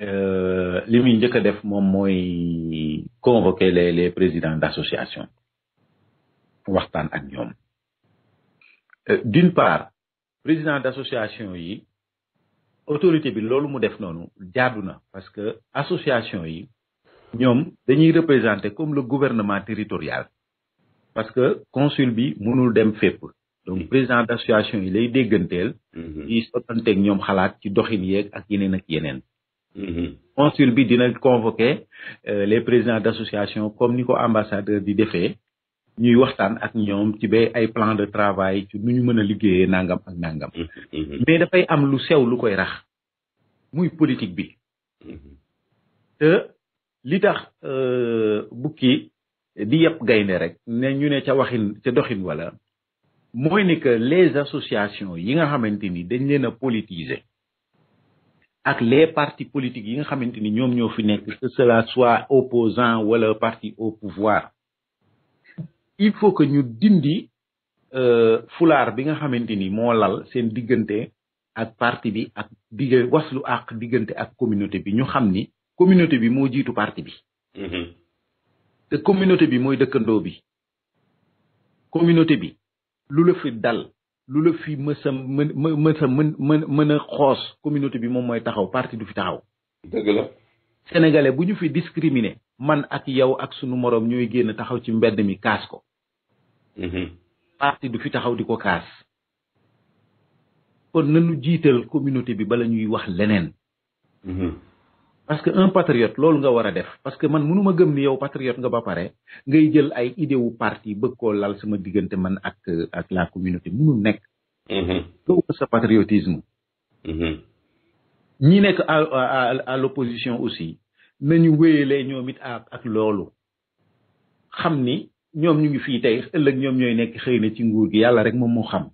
S3: euh muy njëkk a def mom moy convoquer les les présidents d'association waxtan ak ñoom euh, d'une part président d'association yi autorité bi lolou mu def nonou parce que association yi ñom dañuy représenter comme le gouvernement territorial parce que consul bi mënul dem fep donc hmm. président d'association yi lay yi hmm. di ak ñom xalaat ci doxine yek ak yenen ak yeneen hmm. consul bi dina convoquer euh, les présidents d'association comme ni ambassadeur di défait ñuy waxtaan ak ñoom ci ba ay plan de travail ci nu ñu mën a liggéeyee nangam ak nangam. Mm-hmm. Mm-hmm. mais dafay am lu sew lu koy rax muy politique bi. Mm-hmm. li tax euh, bukki di yëpp gaynde rek ne ñu ne ca waxin ca doxin wala mooy ni que les associations yi nga xamante ni dañ leen a politiser ak les partis politique yi nga xamante ni ñoom ñoo fi nekk que cela soit opposant wala parti au pouvoir il faut que ñu dindi euh, fulaar bi nga xamante ni moo lal seen diggante ak parti bi ak digg waslu ak diggante ak communauté bi ñu xam ni communauté bi moo jiitu parti bi mm-hmm. te communauté bi mooy dëkkandoo bi communauté bi lu la fi dal lu la fi mës a mën mës a mën mën mën a xoos communauté bi moom mooy taxaw parti du fi taxaw dëgg bu ñu fi discriminer man ak yow ak sunu moroom ñooy génn taxaw ci mbedd mi kaas ko Mm-hmm. parti du fi taxaw diko kaas kon nañu jiital communauté bi bala ñuy wax leneen mm-hmm. parce que un patriote loolu nga wara def parce que man mënuma gëm ni yow patriote nga ba paré ngay jël ay idée wu parti bëgg lal sama digënté man ak ak la communauté mënu nekk mm-hmm. gëw sa patriotisme ñi nekk à à à l' aussi nañu wéyelee ñoom ak ak loolu xamni ñoom ñu ngi fii tey ëllëg ñoom ñooy nekk xëy na ci nguur gi yàlla rek moom moo xam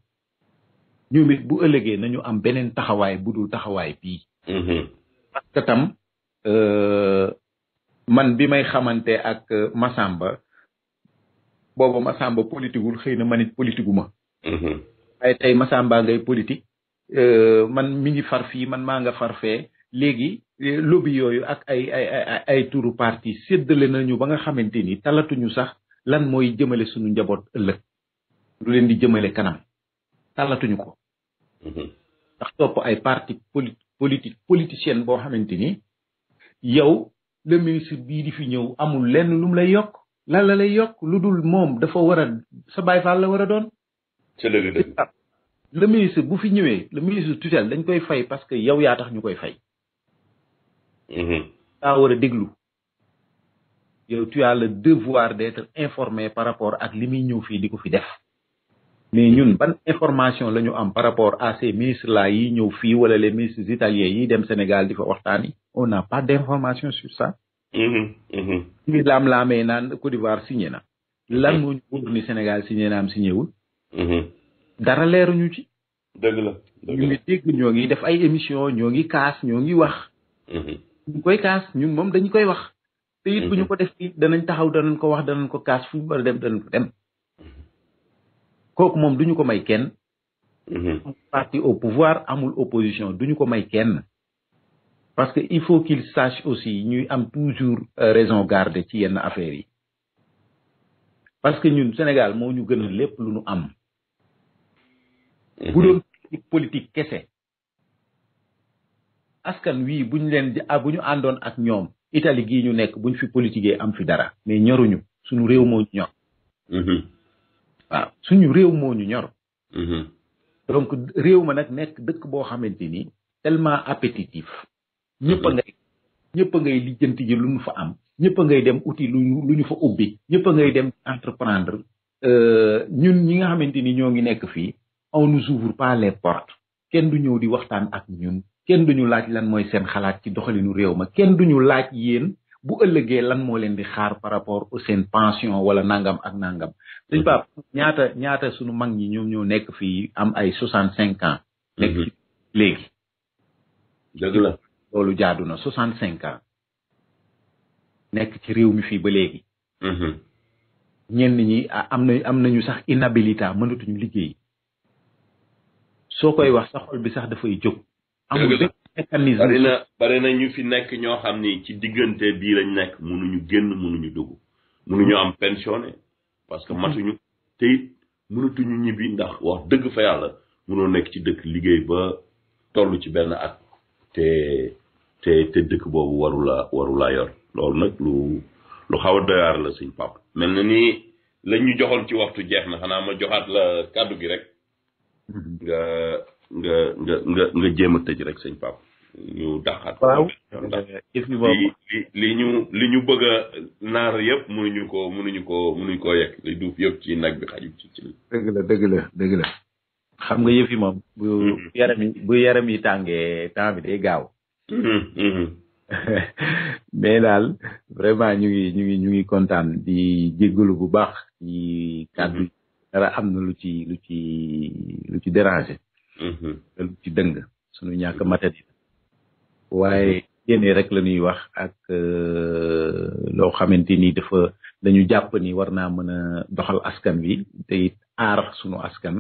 S3: bu ëllëgee nañu am beneen taxawaay bu dul taxawaay bii mm-hmm. parce que tam euh, man bi may ak euh, masamba bawa masamba politikul xëy na manit politique mm-hmm. waaye tey masamba ngay politique euh, man mi ngi far fii man maa nga far fee léegi lobby yooyu ak ay ay ay ay turu parti séddale nañu ba nga xamante ni talatuñu sax lan mooy jëmale suñu njaboot ëllëg lu leen di jëmale kanam tàllatuñu ko mm-hmm. ndax topp ay parti poli politique boo xamante ni yow le ministre bii di fi ñëw amul lenn lu lay yokk lan la lay yokk lu dul moom dafa war a sa baay faal la war a doon
S4: c'est dëgg ah.
S3: le ministre bu fi ñëwee le ministre tutelle dañ koy fay parce que yow yaa tax ñu koy fay mm-hmm. daa war a déglu yow tu as le devoir d'être informé par rapport ak li muy ñëw fii di ko fi def mais ñun ban information lañu am par rapport à ces ministres yi ñëw fii wala le ministres italiens yi dem Sénégal di fa waxtaani on n'a pas d'information sur ça ñu mm-hmm, mm-hmm. laam-laamee naan Côte moo ñu wóor ni Sénégal signé na am signé ci dëgg la ñu ngi dégg def ay émission ñoo ngi kaas ñoo ngi wax mm-hmm. ñu koy kaas ñun moom dañu koy wax te it ku ñu mhm. ko def fii danañ taxaw danañ ko wax danañ ko kaas fu ba dem danañ ko dem kooku moom duñu ko may kenn mhm. parti au pouvoir amul opposition duñu ko may kenn parce que il faut qu'il sache aussi ñuy am toujours euh, raison garder ci yenn affaire yi parce que ñun Sénégal moo ñu gën a lépp lu ñu am mhm. bu doon politique kese askan wii buñu leen di ah, ñu àndoon ak ñoom Italie gii ñu nekk buñ fi politiqué am fi dara mais ñoruñu suñu réew moo ñu ñor. Mm-hmm. waaw suñu réew moo ñu ñor. Mm-hmm. donc réew ma nag nekk dëkk boo xamante ni tellement appétitif. ñëpp mm-hmm. ngay ñëpp ngay ji lu ñu fa am ñëpp ngay dem outil lu ñu lu ñu fa ubbi ñëpp ngay dem entreprendre euh, ñun ñi nga xamante ni ñoo ngi nekk fii on nous ouvre pas les portes kenn du ñëw di waxtaan ak ñun kenn ñu laaj lan mooy seen xalaat ci doxalinu réew ma kenn duñu laaj yéen bu ëllëgee lan moo leen di xaar par rapport au seen pension wala nangam ak nangam. suñ pap ñaata ñaata suñu mag ñi ñoom ñoo nekk fii am ay soixante cinq ans. Mhm. léegi. loolu jaadu na soixante cinq nekk ci réew mi fii ba léegi. Mhm. ñenn ñi am na am nañu sax inhabilita mënatuñu liggéey. soo koy wax sa xol bi sax dafay jóg. amul benn mécanisme
S1: na
S2: bari na ñu fi nekk ñoo xam ni ci diggante bii lañ nekk mënuñu génn mënuñu dugg mënuñu am pensionné parce que mm-hmm. matuñu te it mënatuñu ñibbi ndax wax dëgg fa yàlla mënoo nekk ci dëkk liggéey ba tollu ci benn at te te dëkk boobu warula warula yor loolu nag lu lu xaw a la suñ pap mel na nii lañ ñu joxoon ci waxtu jeex na xanaa ma joxaat la kàddu gi rek mm-hmm. nga nga nga nga jéem a tëj rek sëñ Pape ñu dàqaat. waaw li li ñu euh, li ñu bëgg a naar yëpp mënuñu ñu ko mënuñu koo yegg li duuf yëpp ci nag bi xajul
S3: dëgg la dëgg la dëgg la. xam nga yëf yi moom. bu mm-hmm. yaram yi tàngee temps bi gaaw. Mm-hmm. Mm-hmm. mais daal vraiment ñu ngi ñu ngi ñu ngi kontaan di jéggalu bu baax ci kàddu dara am na lu ci lu ci lu ci déranger. Mm-hmm. lu ci dëng suñu ñàkk matadi waaye yéene rek la ñuy wax ak euh, loo xamante ni dafa dañu jàpp ni war naa mën a doxal askan wi te it aar sunu askan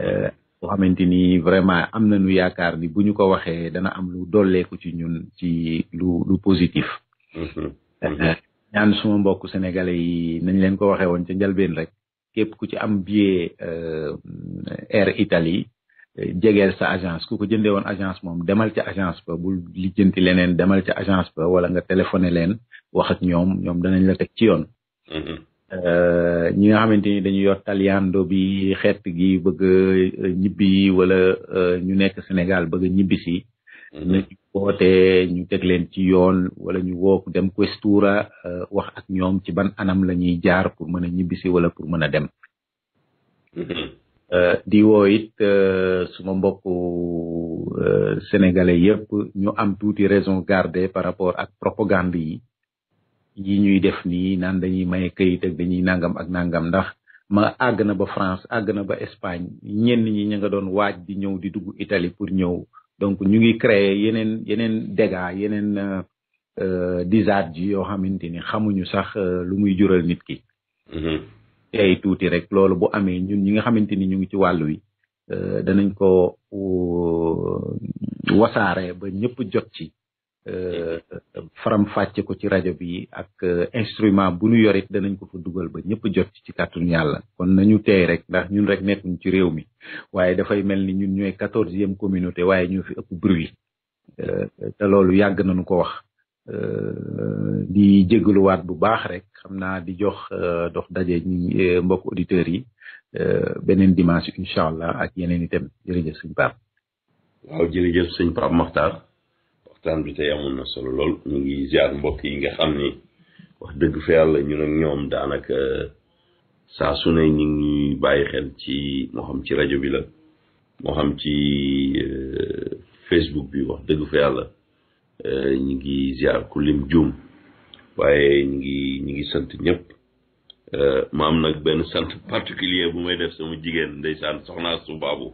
S3: euh, loo xamante ni vraiment am nañu yaakaar ni bu ñu ko waxee dana am lu dolleeku ci ñun ci lu lu positif mm-hmm. Euh, mm-hmm. ñaan suma mbokk sénégalais yi nañ leen ko waxee woon ca njalbeen rek képp ku ci am air italie jegel sa agence ku ko jëndee woon agence moom demal ca agence ba bul lijjanti leneen demal ca agence ba wala nga téléphoné leen wax ak ñoom ñoom danañ la teg ci yoon. Mm-hmm. Euh, ñi nga xamante ni dañu yor taliando bi xeet gi bëgg euh, ñibbi wala euh, ñu nekk Sénégal bëgg a ñibbi si. Mm-hmm. nañu woote ñu teg leen ci yoon wala ñu woo dem questura wax ak ñoom ci ban anam la ñuy jaar pour mën a ñibbisi wala pour mën a dem. Mm-hmm. Euh, di woo it euh, suma mbokku euh, sénégalais yëpp ñu am tuuti raison garder par rapport ak propagande yi yi ñuy def nii naan dañuy maye kayit ak dañuy nangam ak nangam ndax ma àgg na ba France àgg na ba Espagne ñenn ñi ñu nga doon waaj di ñëw di dugg Italie pour ñëw donc ñu ngi créer yeneen yeneen dégâts yeneen disaat ji yoo xamante ni xamuñu sax lu muy jural nit ki. Mm-hmm. tey tuuti rek loolu bu amee ñun ñi nga xamante ni ñu ngi ci wàllu wi danañ ko wasaare ba ñëpp jot ci faram fàcce ko ci rajo bi ak instrument bu nu yorit danañ ko fa dugal ba ñëpp jot ci kàttun yàlla kon nañu teey rek ndax ñun rek nekkuñ ci réew mi waaye dafay mel ni ñun ñooy quatorzième communauté waaye ñoo fi ëpp bruit te loolu yàgg nañu ko wax Euh, di jégaluwaat bu baax rek xam naa di jox euh, dox daje ñi euh, mbokk auditeurs yi beneen dimanche incha allah ak yeneen itam jërëjëf sëñ Pape. waaw jërëjëf sëñ Pape
S2: Makhtar waxtaan bi tey amoon na solo lool ñu ngi ziar mbokk yi nga xam ni wax dëgg fa yàlla ñun ak ñoom daanaka saa su ne ñu ngi bàyyi xel ci moo xam ci rajo bi la moo xam ci Facebook bi wax dëgg fa Eh, ñi ngi ziar ku waaye ñi ngi ñi ngi sant ñëpp eh, ma nag benn sant particulier bu may def sama jigéen ndeysaan soxnaa su baabu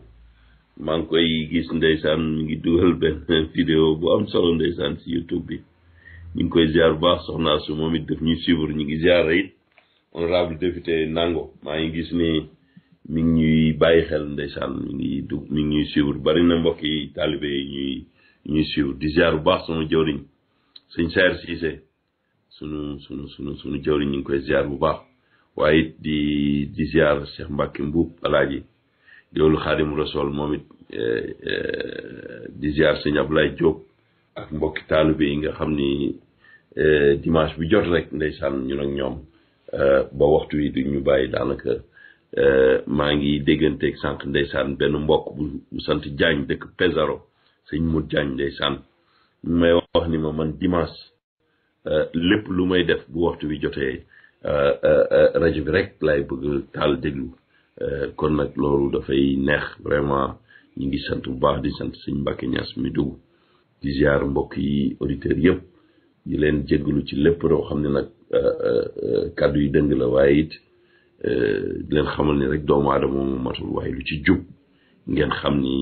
S2: maa ngi koy gis ndeysaan mi ngi dugal benn vidéo bu am solo ndeysaan si YouTube bi ñu ngi koy ziar bu baax soxnaa su moom it def ñuy suivre ñu ngi ziar it honorable député Nango maa ngi gis ni mi ngi ñuy bàyyi xel ndeysaan mi ñuy suivre bari na mbokk yi ñuy ñu siiw di ziar bu baax sunu jawriñ sëñ Saer Cissé sunu sunu sunu sunu jawriñ ñu ngi koy ziar bu baax waaye it di di ziar Cheikh Mbacke Mbuub alaaji géwlu Xaadimu Rasuul moom it eh, eh, di ziar sëñ Ablaye Diop ak mbokki taalibe yi nga xam ni eh, dimanche bi jot rek ndeysaan ñun ak ñoom ba waxtu wi du ñu bàyyi daanaka maa ngi dégganteeg sànq ndeysaan benn mbokk bu sant Diagne dëkk Pesaro suñ mut Diagne ndeysaan mu may wax ni ma man dimanche euh, lépp lu may def bu waxtu bi jotee euh, euh, rajo bi rek laay bëgg taal déglu kon nag loolu dafay neex vraiment ñu ngi sant bu baax di sant sëñ Mbacke Niass mi dugg di ziar mbokk yi auditeurs yëpp di leen jégalu ci lépp loo xam ne nag kàddu yi dëng la waaye it di leen xamal ni rek doomu aadama matul waaye lu ci jub. ngeen xam ni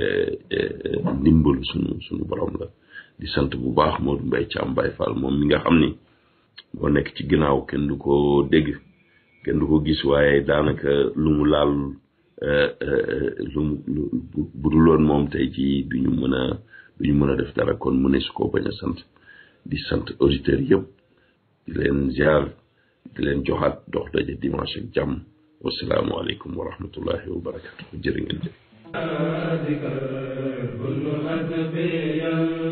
S2: eh, eh, eh, ndimbalu sunu sunu borom la di sant bu baax Modou Mbaye Thiam Baye Fall moom mi nga xam ni boo nekk ci ginnaaw kenn du ko dégg kenn du ko gis waaye daanaka lu mu laal lu mu bu dul woon moom tey ci du ñu mën a ñu mën a def dara kon mu ne su ko bañ a sant di sant auditeur yëpp di leen ziar di leen joxaat dox daje dimanche ak jàmm. والسلام عليكم ورحمة الله وبركاته جرين
S1: جرين.